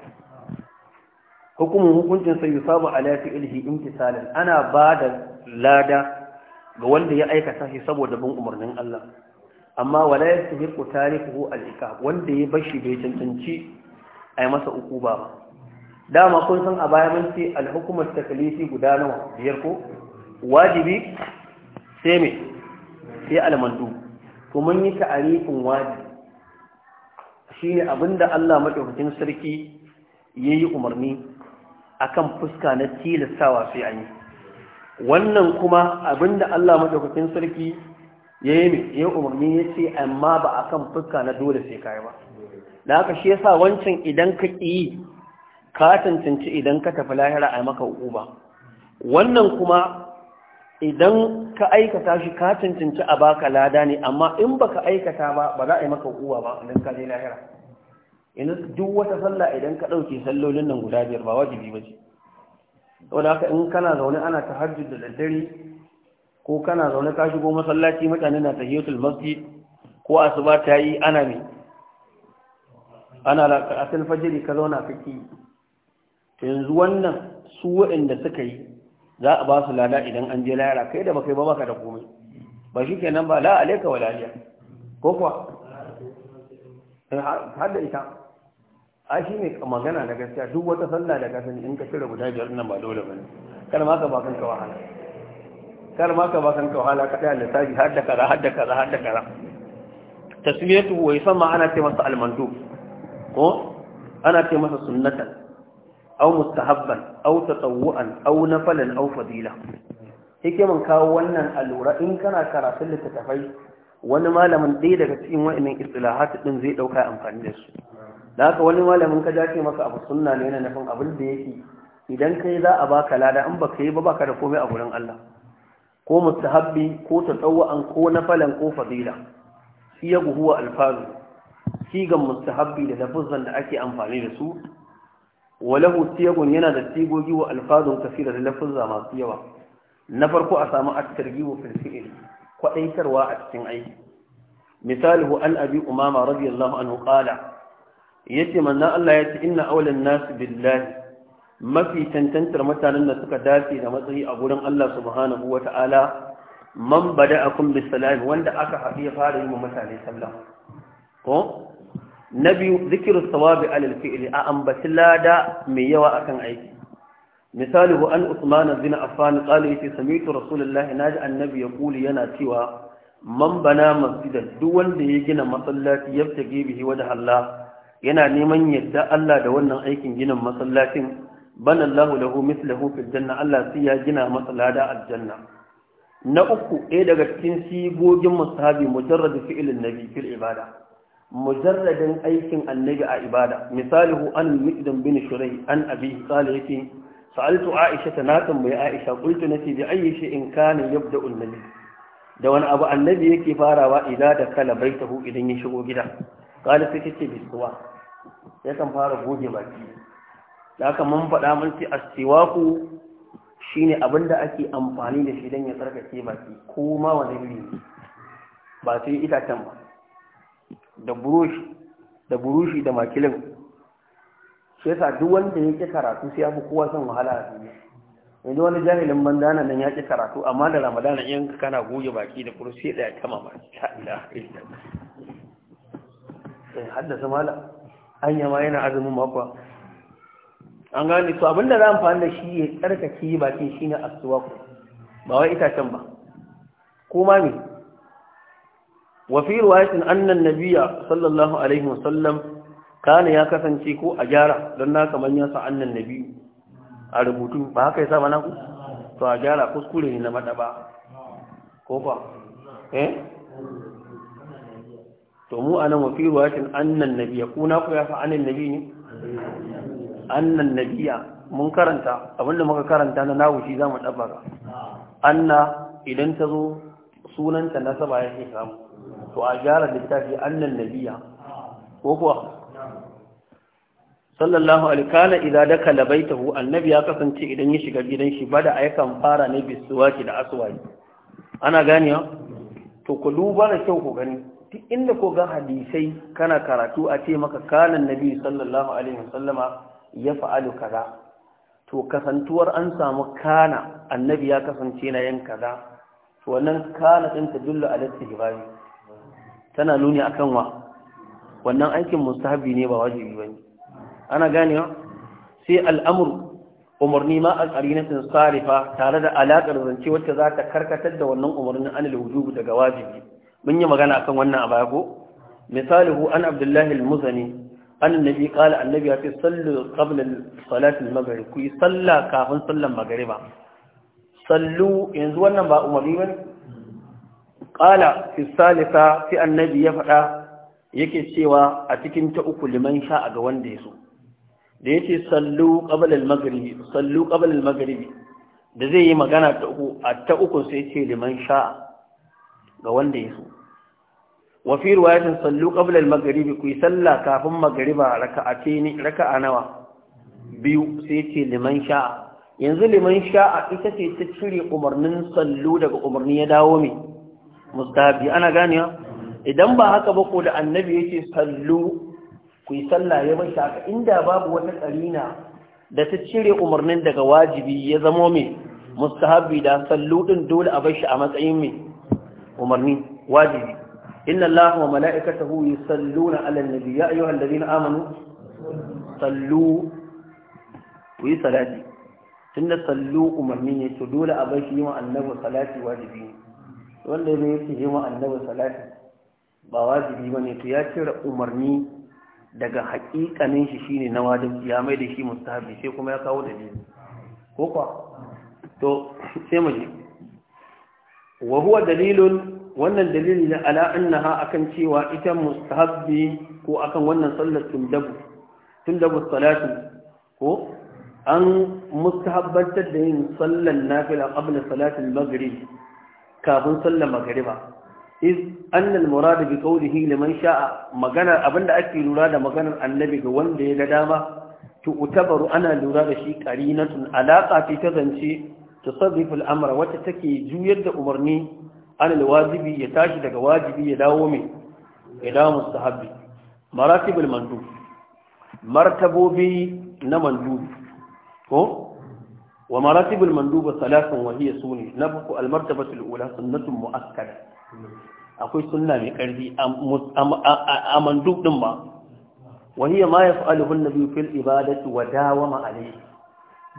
hukumin hukuncin sai yusabu ala fi'lihi imtisalan ana ba da lada ga wanda ya aikata shi saboda bin umarnin Allah amma wala yastahiqu tarikuhu al-iqab wanda ya bashi bai cancanci ai masa ukuba ba dama kun san a baya mun ce al-hukumar taklifi guda nawa biyar ko wajibi sai me sai al-mandu to mun yi ta'arifin wajibi shine abinda Allah madaukakin sarki yayi umarni akan fuska na tilastawa sai an yi wannan kuma abinda Allah madaukakin sarki ya yi ya umarni ya ce amma ba akan kan fuska na dole sai kayi ba Na haka shi yasa wancan idan ka ƙi ka tantance idan ka tafi lahira a maka uba wannan kuma idan ka aikata shi ka tantance a baka lada ne amma in baka aikata ba ba za a yi maka uwa ba idan ka je lahira yanzu duk wata sallah idan ka ɗauke sallolin nan guda biyar ba wajibi ba ce saboda haka in kana zaune ana ta hajjid da daddare ko kana zaune ka shigo masallaci mutane na tahiyatul masjid ko asuba ta yi ana ana raka'atul fajr ka zauna kake to yanzu wannan su waɗanda suka yi za a ba su lada idan an je layara, kai da bakai ba baka da komai ba shi kenan ba la wa laliya ko kuwa eh, har da ita a shi ne magana na gaskiya duk wata sallah da kasan in ka cire guda biyar nan ba dole bane kar ma ka bakan ka wahala kar ma ka bakan ka wahala ka tsaya lissafi har da kaza har da kaza har da kaza tasmiyatu wa yusamma ana ce masa almandu ko ana ce masa sunnatan aw mustahabban aw tatawwu'an aw nafalan aw fadila hikiman kawo wannan alura in kana karatun littattafai wani malamin ɗaya daga cikin wa'annan istilahat ɗin zai ɗauka amfani da su da haka wani malamin ka dace maka abu sunna ne yana nufin abin da yake idan kai za a baka lada in baka yi ba baka da komai a gurin Allah ko mustahabbi ko tatawwa'an ko nafalan ko fadila shi ya guhuwa alfazu sigan mustahabbi da lafuzan da ake amfani da su walahu siyagun yana da sigogi wa alfazun kasira da lafuzza masu yawa na farko a samu at-targhibu fil fi'l a cikin aiki misalihu an abi umama radiyallahu anhu qala yace manzon Allah yace inna awlan nas billahi mafi tantantar mutanen da suka dace da matsayi a gurin Allah subhanahu wata'ala man bada'akum bisalam wanda aka haɗi ya fara yi mutane sallah ko nabi zikru thawabi alal fi'li a ambati lada mai yawa akan aiki misali an usman bin affan qala yati sami'tu rasulullahi naji annabi yaqulu yana cewa man bana masjidan duk wanda ya gina masallaci yabtage bihi wajh Allah yana neman yadda Allah da wannan aikin ginin masallacin banallahu lahu mislahu fil janna Allah sai ya gina masa lada aljanna na uku ɗaya daga cikin sigogin musahabi mujarrad fi'lin nabi fil ibada mujarradin aikin annabi a ibada misalihu an miqdam bin shurai an abi qala yake sa'altu aisha ta na tambayi aisha qultu nati bi ayyi shay'in kana yabda'u nabi da wani abu annabi yake farawa idan da kala baitahu idan ya shigo gida qala sai kace bisuwa yakan fara goge baki da aka mun faɗa mun ce astiwaku shine abin da ake amfani da shi don ya tsarkake baki ko ma wani ne. ba sai itacen ba da buroshi da burushi da makilin shi yasa duk wanda ya ƙi karatu sai ya fi kowa son wahala a duniya yanzu wani jahilin bandana nan ya ƙi karatu amma da ramadana in kana goge baki da kuru sai ɗaya kama ba ta ila eh, haddasa malam hanya ma yana azumin makwa an gane to abin da za amfani da shi ya tsarkake bakin shi ne aswaku ba wai itacen ba Ko ma ne fi ruwayatin annan nabiyya sallallahu alaihi wasallam kana ya kasance ko a gyara don na kaman ya sa annan nabi a rubutu ba haka ya sa ba na ku to a gyara kuskure ne na madaba ko ba eh to mu anan wa fi ruwatin annan nabiyya ku na ku ya fa annan nabi ne annan nabiyya mun karanta abinda muka karanta na nawu shi zamu dabbaka anna idan tazo zo sunanta nasaba yake samu to a gyara littafi annan nabiyya ko kuwa sallallahu alaihi kana idza dakala baitahu annabi ya kasance idan ya shiga gidan shi bada ayyukan fara ne bisuwaki da aswaki ana ganewa to ku duba da kyau ku gani duk inda ko ga hadisai kana karatu a ce maka kanan nabi sallallahu alaihi wasallama ya fa'alu kaza to kasantuwar an samu kana annabi ya kasance na yin kaza to wannan kana din ta dullu ala istihbabi tana nuni akan wa wannan aikin mustahabi ne ba wajibi bane ana gane sai al'amur umarni ma alqarinatin sarifa tare da alaƙar zance wacce za ta karkatar da wannan umarnin anil wujubu daga wajibi mun yi magana akan wannan a baya Misali hu, an abdullahi al-muzani annabi qala annabi ya ce sallu qabla salati al-maghrib ku salla kafin sallan magriba sallu yanzu wannan ba umarni ba qala fi salisa fi annabi ya fada yake cewa a cikin ta uku liman sha ga wanda ya so da yace sallu qabla al-maghrib sallu qabla al-maghrib da zai yi magana ta uku a ta uku sai ce liman sha ga wanda ya so wa fi riwayatin sallu qabla magaribi maghrib ku salla kafin magariba raka raka'a nawa biyu sai ce liman sha'a yanzu liman sha'a ita ce ta cire umarnin sallu daga umarni ya dawo mai mustahabi ana ganewa idan ba haka ba ko da annabi yake sallu ku yi sallah ya bar haka inda babu wata karina da ta cire umarnin daga wajibi ya zamo mai mustahabi da sallu ɗin dole a bar shi a matsayin mai umarni wajibi inna الله وملائكته يصلون على النبي يا ya الذين آمنوا amanu sallu ku صلوا salati tunda sallu umarni ne to dole a bashi yi أنه صلاة salati wajibi ne wanda ba wajibi to ya cire umarni daga hakikanin shi shine na wajen ya mai da shi mustahabi sai kuma ya kawo dalili ko kwa to sai mu ji wa huwa dalilun wannan dalili na ala annaha akan cewa ita mustahabbi ko akan wannan sallar tundabu tundabu salatu ko an mustahabbantar da yin sallar nafila qabla salatul maghrib kafin sallar maghriba iz anna al bi qawlihi liman sha'a maganar abinda ake lura da maganar annabi ga wanda ya ga dama to utabaru ana lura da shi qarinatun alaqa ta zance تصرف take juyar da umarni. anil wajibi ya tashi daga wajibi ya dawo mai ya dawo mustahabbi maratibul mandub martabobi na mandub ko wa maratibul manduba salatun wa hiya sunni na buku al martabatul ula sunnatun muakkada akwai sunna mai karfi a mandub din ba wa hiya ma yaf'aluhu an-nabi fil ibadati wa dawama alayhi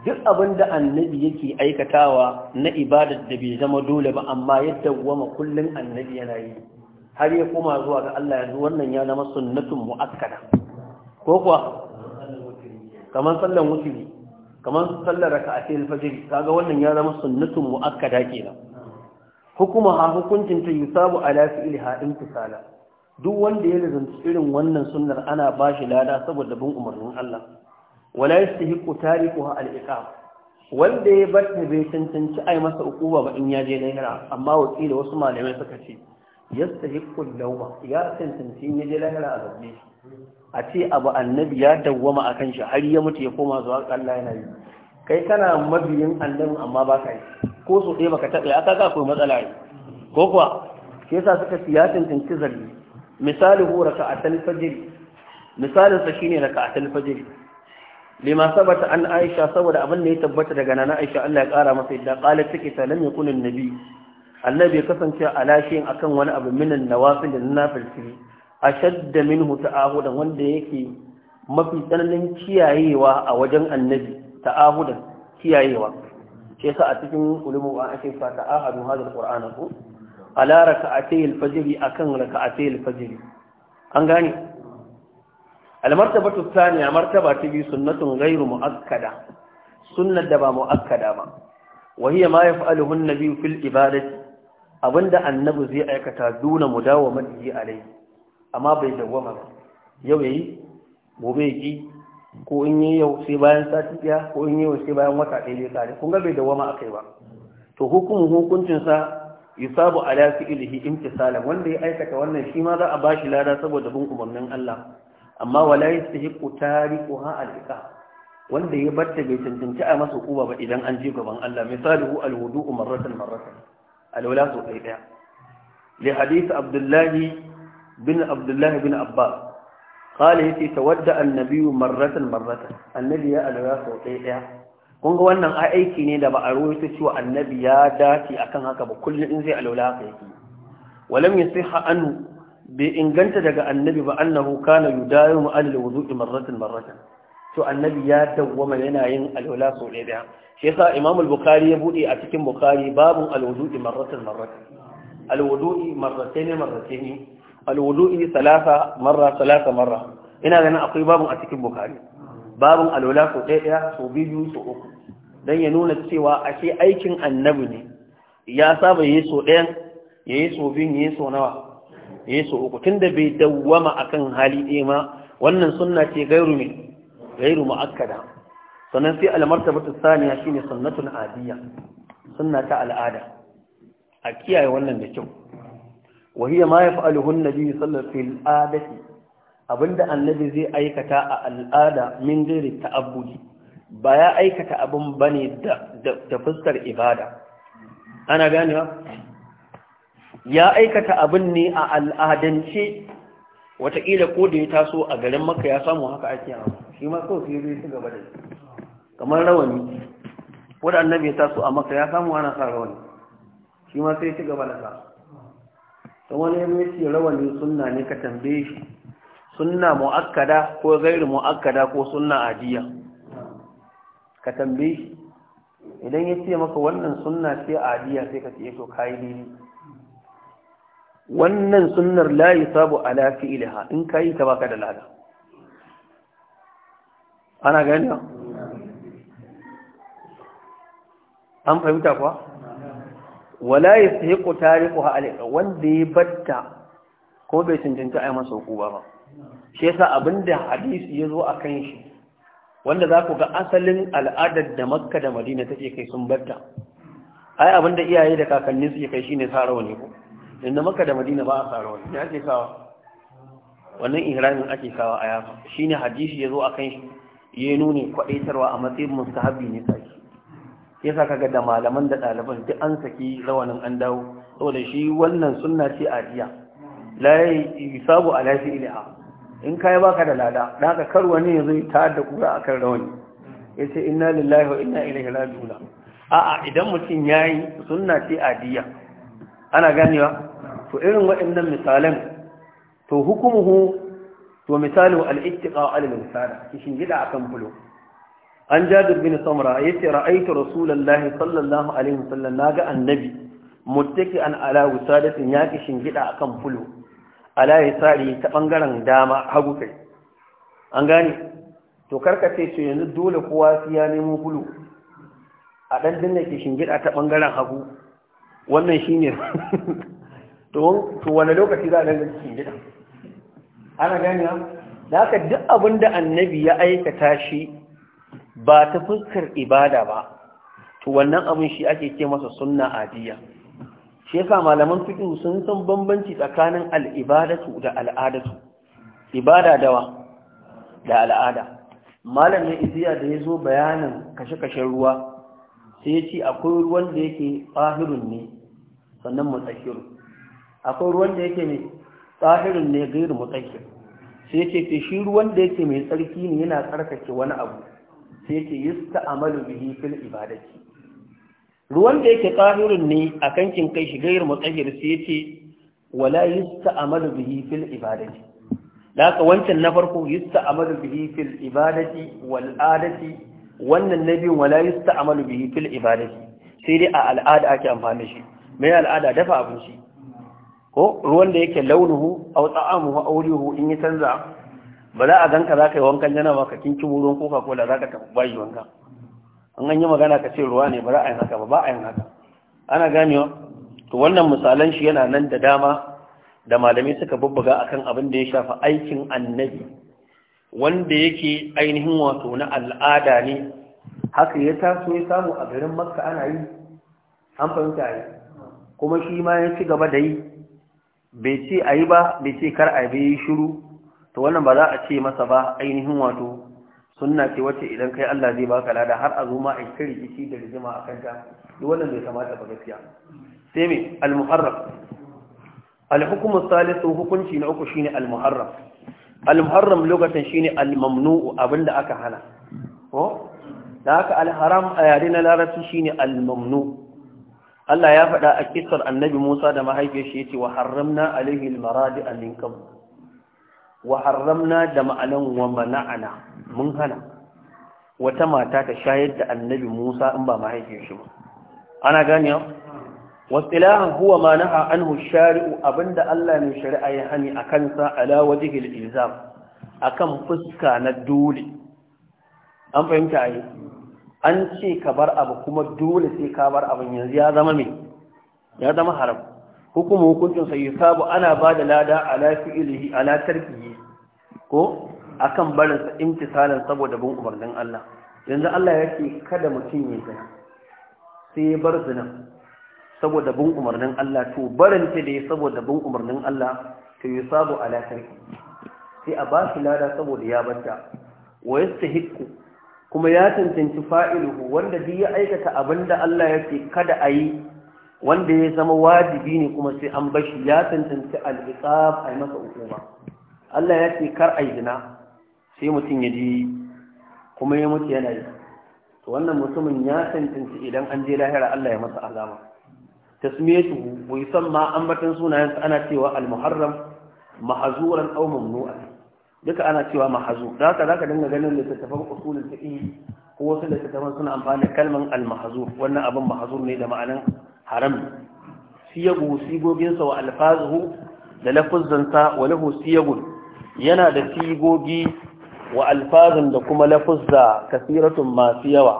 duk abin da annabi yake aikatawa na ibadar da bai zama dole ba amma yadda wama kullum annabi yana yi har ya kuma zuwa ga Allah yanzu wannan ya zama sunnatun mu'akkada ko kuwa kamar sallar wuturi kamar sallar raka'atul fajr kaga wannan ya zama sunnatun mu'akkada kenan hukuma ha hukuncin ta yusabu ala fi'liha intisala duk wanda ya lazanta irin wannan sunnar ana bashi lada saboda bin umarnin Allah wala yastahiqu tarikuha ko iqam wanda ya bar batta bai cancanci ai masa ukuwa ba in ya je hira, amma wakili wasu malamai suka ce Ya yastahiqu al-lawma ya cancanci in ya je na hira a zabbe a ce abu annabi ya dawwama akan shi har ya mutu ya koma zuwa Allah yana yi kai kana mabiyin annabi amma ba ka yi ko so ɗaya baka taɓa aka ga akwai matsala ne ko kuwa shi yasa suka ce ya cancanci zalli misali hu raka'atul fajr misalin sa shine raka'atul fajr lima sabata an aisha saboda abin da ya tabbata daga nana aisha Allah ya kara masa yadda qalat take ta kunan yakun annabi ya kasance alashin akan wani abu minan nawafil da nafilci ashadda minhu ta'ahudan wanda yake mafi tsananin kiyayewa a wajen annabi ta'ahudan kiyayewa shi yasa a cikin ulumu an ake fa ta'ahadu hadal qur'ana ko ala raka'atayil fajr akan raka'atayil fajr an gane المرتبة الثانية مرتبة تبي سنة غير مؤكدة سنة دبا مؤكدة ما وهي ما يفعله النبي في الإبادة abinda أن zai aikata دون مداومة alai amma bai dawama ba yau yayi ko in yi yau sai bayan sati daya ko in yi yau sai bayan wata ɗaya ne kare kun ga bai dawama akai ba to hukumin hukuncin sa yusabu ala fi fi'lihi imtisalan wanda ya aikata wannan shi ma za a bashi lada saboda bin umarnin Allah amma wala yastahiqu tariquha al-iqam wanda ya batta bai cancanci a masa kuba ba idan an je gaban Allah misaluhu al-wudu'u marratan marratan alwala so dai daya li hadith abdullah bin abdullah bin abbas قال يتي تودى النبي مرة مرة النبي يا الولا so dai daya kun ga wannan aiki ne da ba a rawaito cewa annabi ya dace akan haka ba kullum in zai alwala haka yake walam yasiha anhu bai inganta daga annabi ba annahu kana yudayu mu alil wudu'i marratan marratan to annabi ya dawwama yana yin alwala sau ɗaya daya shi yasa imamu al-bukhari ya bude a cikin bukhari babun alwudu'i marratan marratan alwudu'i marratayn marratayn alwudu'i salasa marra salasa marra ina ganin akwai babun a cikin bukhari babun alwala sau ɗaya daya sau biyu sau uku dan ya nuna cewa ashe aikin annabi ne ya saba yi sau ɗayan ya yi sau biyu ya yi sau nawa ya so uku tunda bai dawwama akan hali ɗaya ma wannan sunna ce gairu ne sannan sai almartabatu saniya shine sunnatul adiyya sunna ta al'ada a kiyaye wannan da kyau wa hiya ma yaf'aluhu an-nabi sallallahu alaihi wasallam abinda annabi zai aikata a al'ada min ta ta'abbudi ba ya aikata abin bane da da fuskar ibada ana ganewa ya aikata abin ne a al'adance wataƙila ko da ya taso a garin maka ya samu haka ake yawa shi ma kawai fiye zai gaba da kamar rawani wadda annabi ya taso a maka ya samu ana sa rawani shi ma sai ci gaba da sa ta wani ya ce rawani sunna ne ka tambaye shi sunna mu'akkada ko gairu mu'akkada ko sunna ajiya? ka tambaye shi idan ya ce maka wannan sunna ce ajiya sai ka ce eh, to kayi daidai wannan sunnar la sabu ala ilaha in ka yi ta baka da lada ana gani an fahimta kuwa wala yastahiqu tariquha alayka wanda ya batta ko bai cancanta yi masa hukuba ba shi yasa abinda hadisi ya zo a kan shi wanda za ku ga asalin al'adar da makka da madina take kai sun batta ai abinda iyaye da kakannin su ke kai shi shine sa ne ko inda maka da madina ba a tsara wani ya ake kawa. wannan ihramin ake kawa a yafa ne Hadishi ya zo a kan shi ya nuni kwaɗaitarwa a matsayin habi ne ke. ya sa kaga da malaman da ɗaliban duk an saki rawanin an dawo saboda shi wannan sunna ce a jiya la a ala fi'liha in yi baka da lada da ka karwa ne zai ta da kura akan rawani yace inna lillahi wa inna ilaihi raji'un a'a idan mutum yayi sunna ce a jiya ana ganewa to irin waɗannan misalan to hukumuhu to misalin al'ittiƙa al-misala kishin gida akan bulo an jabir bin samra yace ra'aytu rasulullahi sallallahu alaihi wasallam naga annabi muttaki an ala wusadatin ya kishin gida akan bulo ala yasari ta bangaren dama hagu kai an gane to karkace ce yanzu dole kowa sai ya nemo bulo a dan dinne kishin gida ta bangaren hagu wannan shi ne to wane lokaci za a ganin cikin gida ana ganiya da haka duk abin da annabi ya aikata shi ba ta fuskar ibada ba to wannan abin shi ake ce masa sunna adiya shi yasa malaman fiqh sun san bambanci tsakanin al'ibadatu da al'adatu ibada dawa da al'ada malamin ya iziya da ya zo bayanin kashe-kashen ruwa sai ya ce akwai ruwan da yake tsahirun ne sannan mutsakiru akwai ruwan da yake ne tsahirin ne gairu mutsakir sai yake ce shi ruwan da yake mai tsarki ne yana tsarkake wani abu sai yake yista amalu bihi fil ibadati ruwan da yake tsahirin ne a kankin kai shi gairu mutsakir sai yake wala yista amalu bihi fil ibadati laka wancan na farko yista amalu bihi fil ibadati wal adati wannan na biyun wala yista amalu bihi fil ibadati sai dai a al'ada ake amfani da shi mai al'ada dafa abinci ko ruwan da yake launuhu aw ta'amuhu aw hu in yi canza ba za a ganka ka yi wankan janaba ka kinki ruwan kola za ka tafi bayi wanka an an magana ka ce ruwa ne ba za a yi haka ba ba a yi haka ana ganewa to wannan misalan shi yana nan da dama da malamai suka bubbuga akan abin da ya shafi aikin annabi wanda yake ainihin wato na al'ada ne haka ya taso ya samu a garin makka ana yi an fahimta yi kuma shi ma ya ci gaba da yi bai ce a yi ba bai ce kar a bai shiru to wannan ba za a ce masa ba ainihin wato sunna ce wacce idan kai Allah zai baka lada har a zo ma a kai rikici da rijima a kanta duk wannan bai kamata ba gaskiya sai me al-muharram al-hukm al-thalith hukunci na uku shine al-muharram al-muharram lokacin shine al-mamnu'u abinda aka hana ko da haka al-haram a yare na larabci shine al-mamnu' Allah ya faɗa a kisar annabi Musa da mahaifiyar shi yace wa harramna alaihi almaradi min qabl wa harramna da ma'anan wa mana'ana mun hana wata mata ta shayar da annabi Musa in ba mahaifiyar shi ba ana gani wasilahan huwa ma naha anhu shari'u abinda Allah ne shari'a ya hani akan sa ala wajhi al-ilzam akan fuska na dole an fahimta ai an ce ka bar abu kuma dole sai ka bar abin yanzu ya zama mai ya zama haram hukumu hukuncin sai yusabu ana ba da lada ala fi'lihi ala tarkihi ko akan barin sa imtisalan saboda bin umarnin Allah yanzu Allah yake kada mutum ya zina sai ya bar zina saboda bin umarnin Allah to barin ta dai saboda bin umarnin Allah to yusabu ala tarkihi sai a ba shi lada saboda ya bar ta wa yastahiqu kuma ya cancanci fa'iluhu wanda duk ya aikata abin da Allah ya ce kada a yi wanda ya zama wajibi ne kuma sai an bashi ya cancanci al'isab a yi masa hukuma Allah ya ce kar a yi sai mutum ya ji kuma ya mutu yana yi to wannan mutumin ya cancanci idan an je lahira Allah ya masa azama tasmiyatu bai san ma ambatan sunayensa ana cewa al-muharram mahzuran au mamnu'an duka ana cewa mahazu da haka zaka dinga ganin littattafan usulul fiqh ko wasu littattafan suna amfani da kalman al mahzu wannan abin mahzu ne da ma'anan haram siyagu sigogin sa wa alfazuhu da lafuzzan sa wa lahu siyagun yana da sigogi wa alfazun da kuma lafuzza kasiratun masu yawa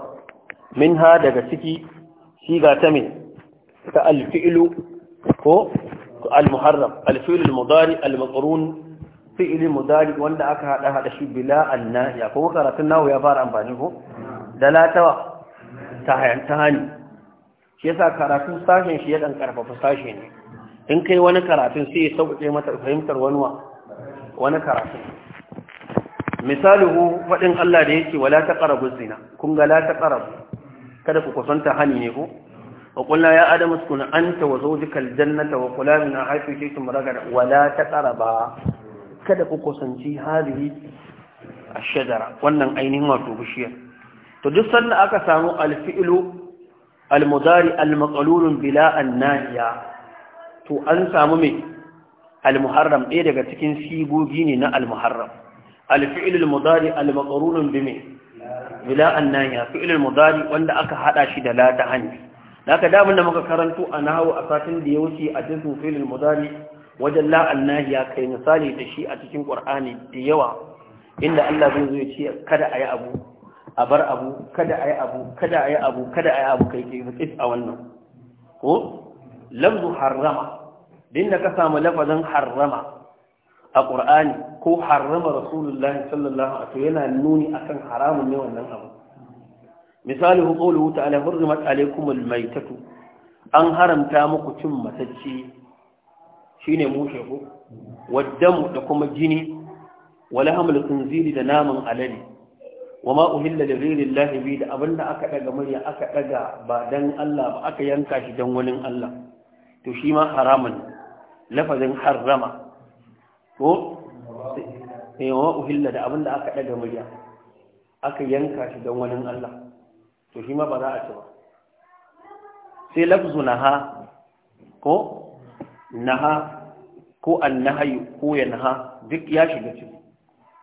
minha daga ciki siga ta me ta alfi'lu ko al muharram al fi'lu al mudari al maqrun fi'ili mudari wanda aka hada hada shi bila annahiya ko karatun nawo ya fara amfani ko da latawa ta hayan ta hani shi yasa karatun sashen shi ya dan karfafa sashe ne in kai wani karatun sai ya sauke mata fahimtar wani wa wani karatun misalihu fadin Allah da yake wala ta taqrabu zina kun ga la taqrabu kada ku kusanta hani ne ko وقلنا يا آدم اسكن أنت وزوجك الجنة وكلا منها حيث شئتم رغدا ولا تقربا kada ku kusanci a ashjara wannan ainihin wato bishiyar to duk sanda aka samu alfi'lu almudari almaqlulun bila annahiya to an samu mai almuharram ɗaya daga cikin sigogi ne na almuharram alfi'lu almudari almaqlulun bime bila annahiya fi'lu almudari wanda aka haɗa shi da lata ta hanji haka damun da muka karanto a nahawu a satin da ya wuce a jinsin fi'lu almudari wajen la'annahi ya kai misali da shi a cikin ƙur'ani da yawa inda Allah zai zo ya ce kada a yi abu a bar abu kada a yi abu kada a yi abu kada a yi abu kai ke zaƙis a wannan ko lafzu harrama din da ka samu lafazin harrama a ƙur'ani ko harrama rasulullahi sallallahu a to yana nuni akan haramun ne wannan abu misali qawluhu ta'ala hurrimat alaykumul maytatu an haramta muku cin matacce Shi ne mushe ko waddamu da kuma jini wala hamlu khinziri da naman alali wama uhilla da ririn lahibi da abinda aka daga murya aka daga ba dan Allah ba aka yanka shi dan wani Allah to shi ma haramun lafazin harrama ko sai eh, wama uhilla da abinda aka daga murya aka yanka shi dan wani Allah to shi ma ba za a ci ba sai lafzu ha, ko na ha. ko an annahayu ko yanha duk ya shiga ciki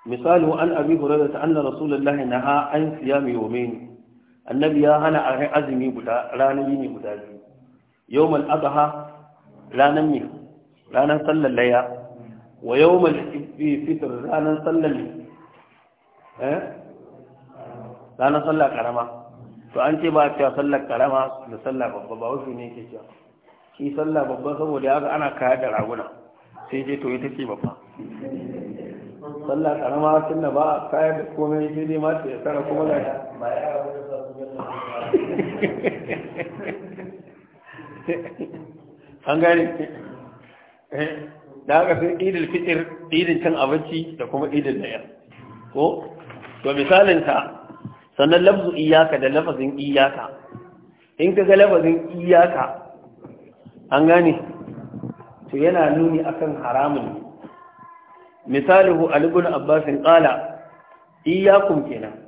misali an abi hurairah ta anna rasulullahi naha an siya mai siyami yawmaini annabi ya hana a azumi guda ranar yini guda biyu yawmal adha ranar mi ranar sallar laya wa yawmal fitr ranar sallar eh ranar sallar karama to an ce ba a cewa sallar karama da sallar babba ba wasu ne ke cewa shi sallar babba saboda ya ana kayar da raguna sai je to ita ce babba sallah karama tun da ba a kayar da komai sai dai mata ya tsara kuma da an gane eh, da haka sun idil fitir idin cin abinci da kuma idil da ko to misalinta sannan lafzu iyaka da lafazin iyaka in ka ga lafazin iyaka an gane to yana nuni akan haramun misalihu alibun abbasin kala iyakun kenan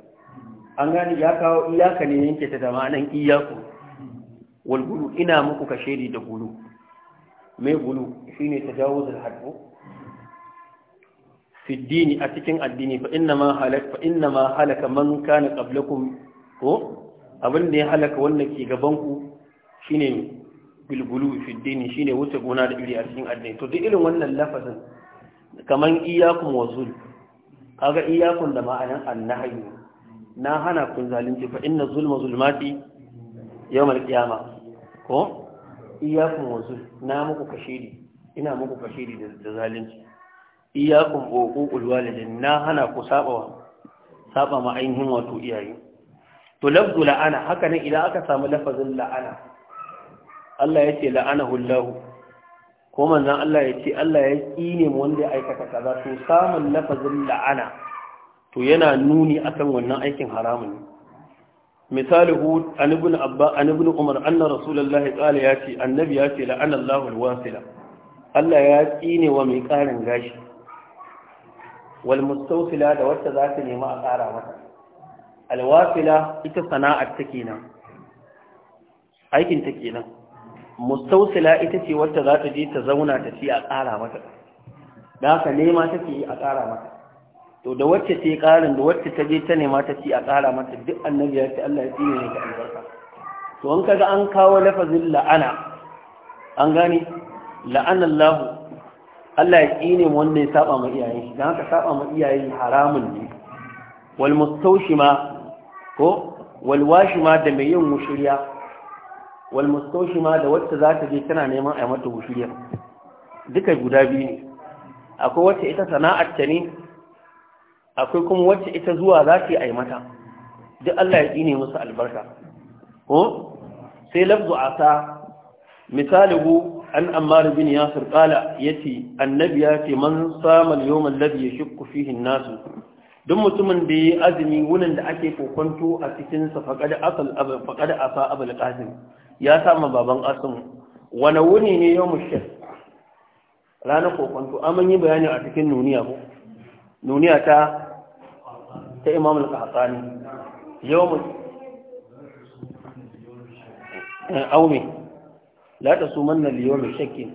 an gani ya kawo iyaka ne yanke ta zama nan iyaku walgulu ina muku kashedi da gulu mai gulu shine ta jawo zalhadu fi dini a cikin addini fa inna ma halaka fa inna ma halaka man kana qablakum ko abin da ya halaka wanda ke gaban ku shine bilbulu fi dini shine wuce gona da iri a cikin addini to duk irin wannan lafazin kaman iyyakum wa zul kaga iyyakum da ma'anan annahi na hana kun zalunci fa inna zulma zulmati yawmal qiyama ko iyyakum wa zul na muku kashidi ina muku kashidi da zalunci iyyakum wa uqul walidin na hana ku saba saba ma ainihin wato iyaye to lafzu la'ana haka ne idan aka samu lafazin la'ana Allah ya ce la'anahu Allah ko manzon Allah ya ce Allah ya kine mu wanda ya aikata kaza to samun lafazin la'ana to yana nuni akan wannan aikin haramun misali hu an ibn abba an ibn umar anna rasulullahi qala ya ce annabi ya ce la'ana Allah alwasila Allah ya kine wa mai karin gashi wal mustawsila da wacce za ta nemi a kara mata alwasila ita sana'ar take nan aikin ta nan. mustausila ita ce wadda za ta je ta zauna ta ci a ƙara mata da haka nema take yi a ƙara mata to da wacce ta yi ƙarin da wacce ta je ta nema ta ci a ƙara mata duk annabi ya ce Allah ya tsine ne ka albarka to an kaga an kawo lafazin la'ana an gane la'anallahu Allah ya tsine wanda ya saba ma iyaye shi dan haka saba ma iyaye haramun ne wal mustaushima ko wal washima da mai yin mushriya wal ma da wacce za ta je tana neman a mata duka guda biyu ne akwai wacce ita sana'ar ta ne akwai kuma wacce ita zuwa za ta yi a mata duk Allah ya tsine musu albarka ko sai lafzu asa misalihu an ammar bin yasir ya yace annabi ya ce man sama al-yawm ya yashukku fihi nasu duk mutumin da ya yi azumi wunin da ake kokwanto a cikin sa faqad asa abul qasim ya sama baban asimu wani wuni ne yau mushe ranar kokonto an yi bayani a cikin nuniya ko nuniya ta ta imam al-qahtani yau mu eh, aume la ta su manna liyo mushe ke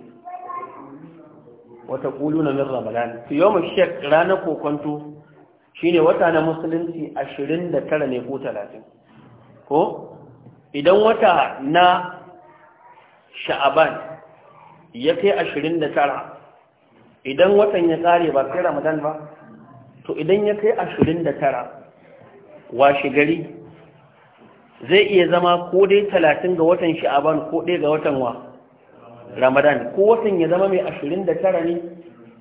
wata kulu na min ramadan su yau mushe ranar kokonto ne wata na musulunci ashirin da tara ne ko talatin ko idan wata na sha'aban ya kai ashirin da tara idan watan ya tsare ba kai ramadan ba to idan ya kai ashirin da tara washe gari zai iya zama ko dai talatin ga watan sha'aban ko dai ga watan wa ramadan ko watan ya zama mai ashirin da tara ne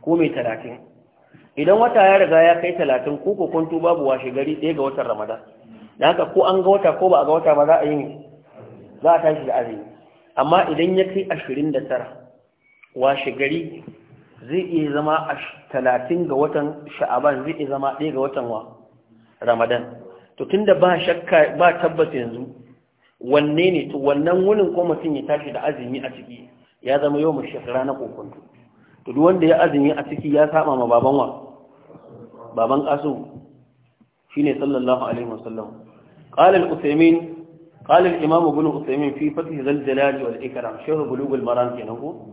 ko mai talatin idan wata ya riga ya kai talatin ko kokonto babu washe gari ɗaya ga watan ramadan da haka ko an ga wata ko ba a ga wata ba za a yi za a tashi da azumi amma idan ya kai ashirin da tara washe gari zai iya zama talatin ga watan sha'aban zai iya zama ɗaya ga watan wa ramadan to tunda ba shakka ba tabbas yanzu wanne ne to wannan wunin ko mutum ya tashi da azumi a ciki ya zama yau mu shekara na kokonto to duk wanda ya azumi a ciki ya saba ma baban wa baban kasu shine sallallahu alaihi wasallam قال الأثيمين قال الإمام ابن أثيمين في فتح ذا الجلال والإكرام شهر بلوغ المرام كنه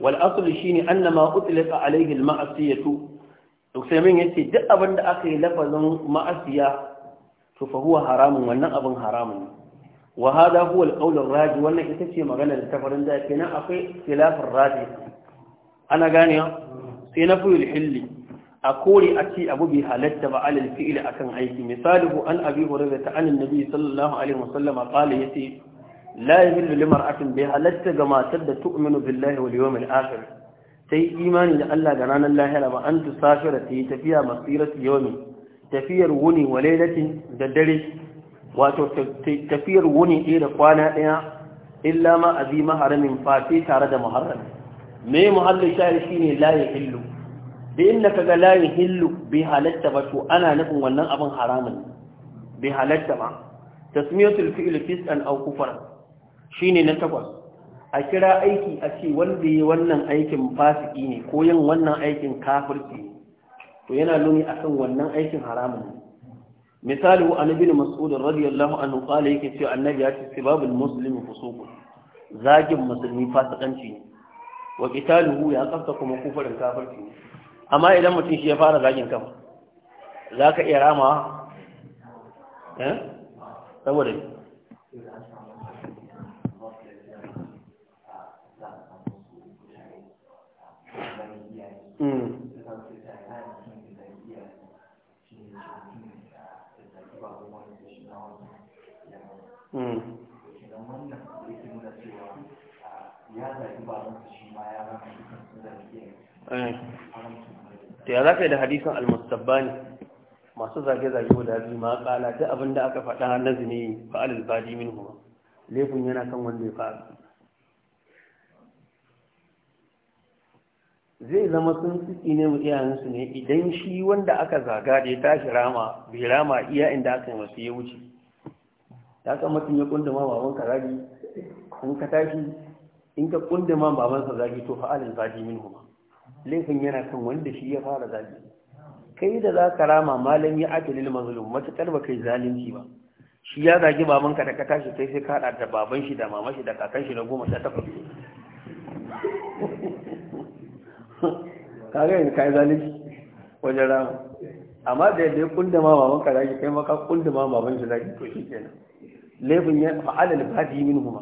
والأصل شين أن ما أطلق عليه المعصية أثيمين يتي دأبا أخي لفظ معصية فهو حرام وأن أبن حرام وهذا هو القول الراجي وأن إتشي مغانا لتفرن ذا كنا أخي خلاف الراجي أنا قاني سينفي الحلي a kore a ce abu bai halatta ba alal fi'il akan aiki misali an abi hurairah ta anan nabi sallallahu alaihi wasallam qala yace la limar'atin bai halatta ga matar da tu'minu billahi wal yawmil akhir sai imani da Allah da ranar lahira ba an tusafira ta yi tafiya masiratu yawmi tafiyar wuni wa lailatin da dare wato tafiyar wuni ɗaya da kwana ɗaya illa ma azima haramin tare da muharram me muhallin shahir shine la yahillu da inda kaga ga layin hillu bai halatta ba to ana nufin wannan abin haramun bai halatta ba tasmiyatul fi'l fisqan aw kufran shine na takwas a kira aiki a ce wanda yi wannan aikin fasiki ne ko yin wannan aikin kafirci to yana nuni akan wannan aikin haramun misali wa annabi mas'ud radiyallahu anhu qala yake cewa annabi ya ce sibabul muslimi fusuqun zagin musulmi fasikanci ne wa qitaluhu ya kafta kuma kufarin kafirci ne amma idan mutum shi ya fara zagin kama za ka iya rama eh? saboda ya to ya zaka da hadisan al masu zage-zage guda biyu kala ta abin da aka faɗa na zine fa’al al min huwa laifin yana kan wanda ya faɗa zai zama sun suke ne iyayensu ne idan shi wanda aka zaga da ya tashi rama bai rama iya inda aka yi masu ya wuce ya kan mutum ya kundama baban ka zagi in ka tashi in ka ma baban sa zagi to fa'alin fadi min huma laifin yana kan wanda shi ya fara zagi kai da za ka rama malami adalil mazlum matakar ba kai zalunci ba shi ya zagi babanka da ka tashi sai sai ka da baban shi da mama shi da kakan shi na goma sha takwas kaga yanzu kai zalunci wajen rama amma da yadda ya kundama babanka zagi kai maka kundama baban shi zagi to shi kenan laifin ya fa'ala al-badi minhuma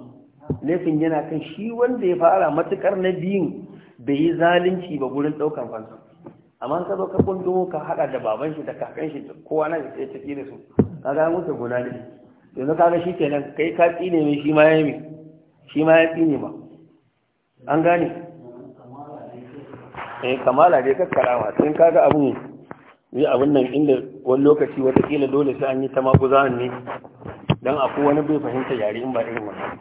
laifin yana kan shi wanda ya fara matukar na biyun bai yi zalunci ba gurin ɗaukan fansa amma ka zo ka kundumo ka haɗa da baban shi da kakan shi kowa na da tsaye da su ka ga mutu guda ne yanzu ka ga shi kenan kai ka tsine mai shi ma ya mi shi ma ya tsine ma an gane eh kamala dai kakkarawa tun ka ga abin yi abun nan inda wani lokaci wata kila dole sai an yi ta maguza ne don akwai wani bai fahimta yare in ba irin wannan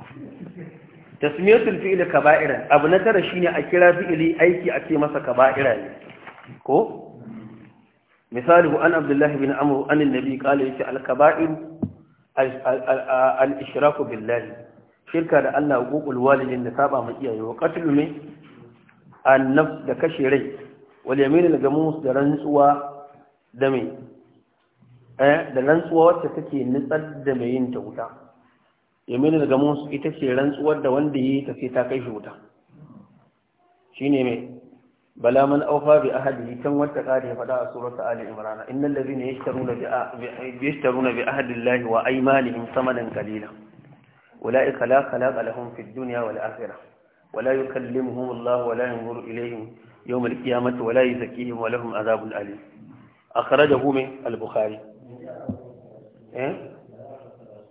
tasmiyatul fi'li kaba'ira abu na tara shine a kira fi'li aiki a ce masa kaba'ira ne ko misali an abdullah bin amr an annabi qala yake al kaba'ir al ishraku billahi shirka da Allah hukukul walidin da saba mu iyaye wa qatlu an naf da kashe rai wal yamin al gamus da rantsuwa da me eh da rantsuwa wacce take nitsar da mai yin ta wuta yamin daga musu ita ce rantsuwar da wanda yi ta sai ta kai shi wuta ne mai bala man a bi kan wata kare faɗa a surata ali imran innal ladhina yashtaruna bi yashtaruna bi ahadillahi wa aymanihim samanan qalila ulaika la khalaqa lahum fid dunya wal akhirah ولا يكلمهم الله ولا ينظر إليهم يوم القيامة ولا يزكيهم ولهم عذاب أليم أخرجه من البخاري إيه؟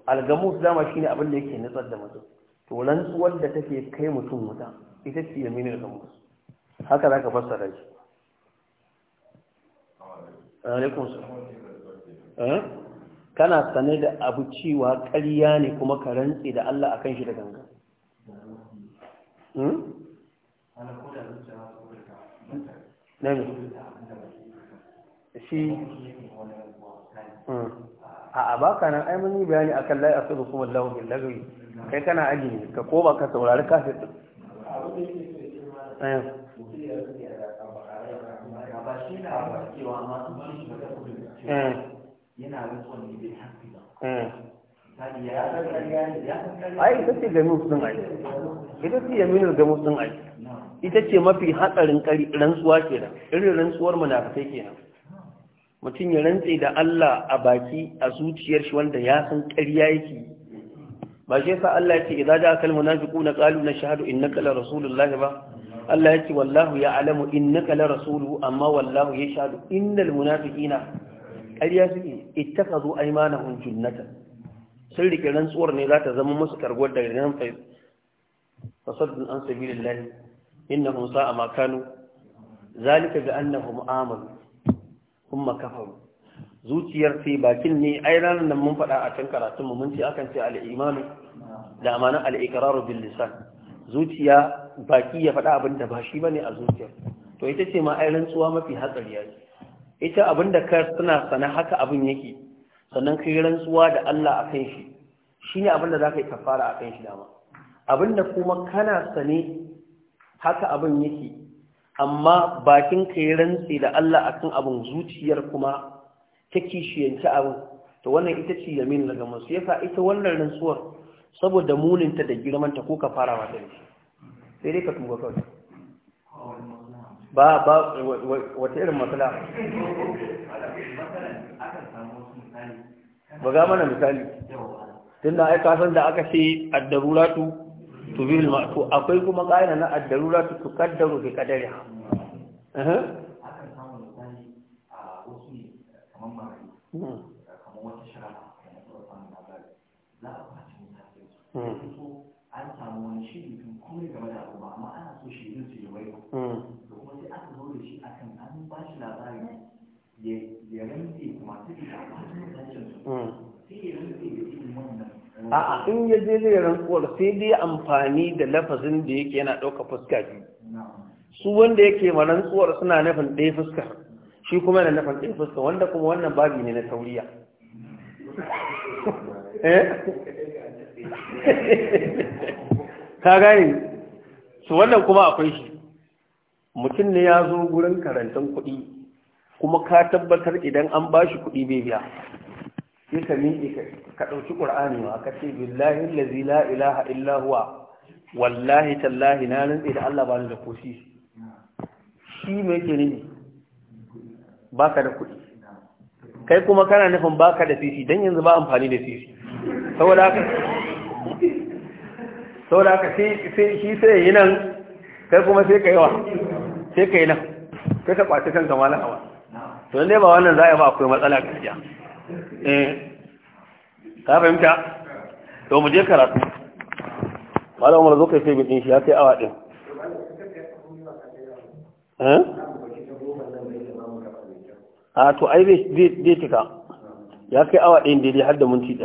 algamus dama shi abin da yake nutsar da mutum to rantsuwar da take kai mutum wuta ita ce da mutum. haka zaka fassara shi da shi. Eh? kana sane da abu cewa karya ne kuma ka rantse da Allah a kan shi da ganga hmm? shi a baka nan ai mun yi bayani akan la yasiru kuma Allahu bil lagwi kai kana aji ne ka ko ka saurari kafir eh. eh. din ai ita ce gami sun ai ita ce yaminar gami sun ai ita ce mafi hatsarin rantsuwa nan irin rantsuwar munafikai nan mutum ya rantse da Allah a baki a zuciyar shi wanda ya san ƙarya yake ba shi yasa Allah yake idza ja'a kal munafiquna qalu nashhadu innaka la rasulullah ba Allah yake wallahu ya'lamu innaka la rasulu amma wallahu yashhadu innal munafiqina ƙarya suke ittakhadhu aymanahum junnatan sun rike rantsuwar ne za ta zama musu karguwar daga nan fa fasaddun an sabilillah innahum sa'a ma kanu zalika bi annahum amanu kuma kafaru zuciyar ce bakin ne ai ranar nan mun faɗa a can karatunmu mun ce akan ce al'imanu da amanin al'ikararu bin lisan zuciya baki ya faɗa abin da ba shi bane a zuciyar to ita ce ma ai rantsuwa mafi hatsari ya ita abin da ka suna sana haka abin yake sannan kai rantsuwa da Allah akan shi shine abin da zaka yi kafara akan shi dama abin da kuma kana sane haka abin yake amma bakin ka ya rantse da Allah akan abin zuciyar kuma ta kishiyanci abin to wannan ita ce yamin daga masu yasa ita wannan rantsuwar saboda muninta da girmanta ko ka fara wata ne sai dai ka tuba kawai ba ba wata irin matsala ba ga mana misali tun da aika san da aka ce addaruratu tubihil ma'tu akwai kuma ƙa'ida na addarura ta tukaddaru bi qadariha eh an samu wani shiri mutum kuma game da abu ba amma ana so shi a'a in ya je zai rantsuwar sai dai amfani da lafazin da yake yana ɗauka fuska biyu su wanda yake ma rantsuwar suna nufin ɗaya fuska shi kuma yana nufin ɗaya fuska wanda kuma wannan babi ne na tauriya eh? ka gani su wannan kuma akwai shi mutum ne ya zo gurin karantar kuɗi kuma ka tabbatar idan an ba shi kuɗi bai biya sai ka miƙe ka ɗauki ƙur'ani wa ka ce billahi lazi la ilaha illa huwa wallahi tallahi na rantse da Allah bani da koshi shi mai ke ne baka da kuɗi kai kuma kana nufin baka da sisi don yanzu ba amfani da sisi saboda haka saboda haka sai shi sai yi nan kai kuma sai ka yi wa sai ka yi nan kai ka kwaci kanka ma na hawa to dai ba wannan za a yi ba akwai matsala gaskiya Eh, ka fahimta to mu je karatu malam umar zo kai sai bikin shi ya kai awa din eh? a ah, to ai bai cika ya kai awa ɗin daidai har da minti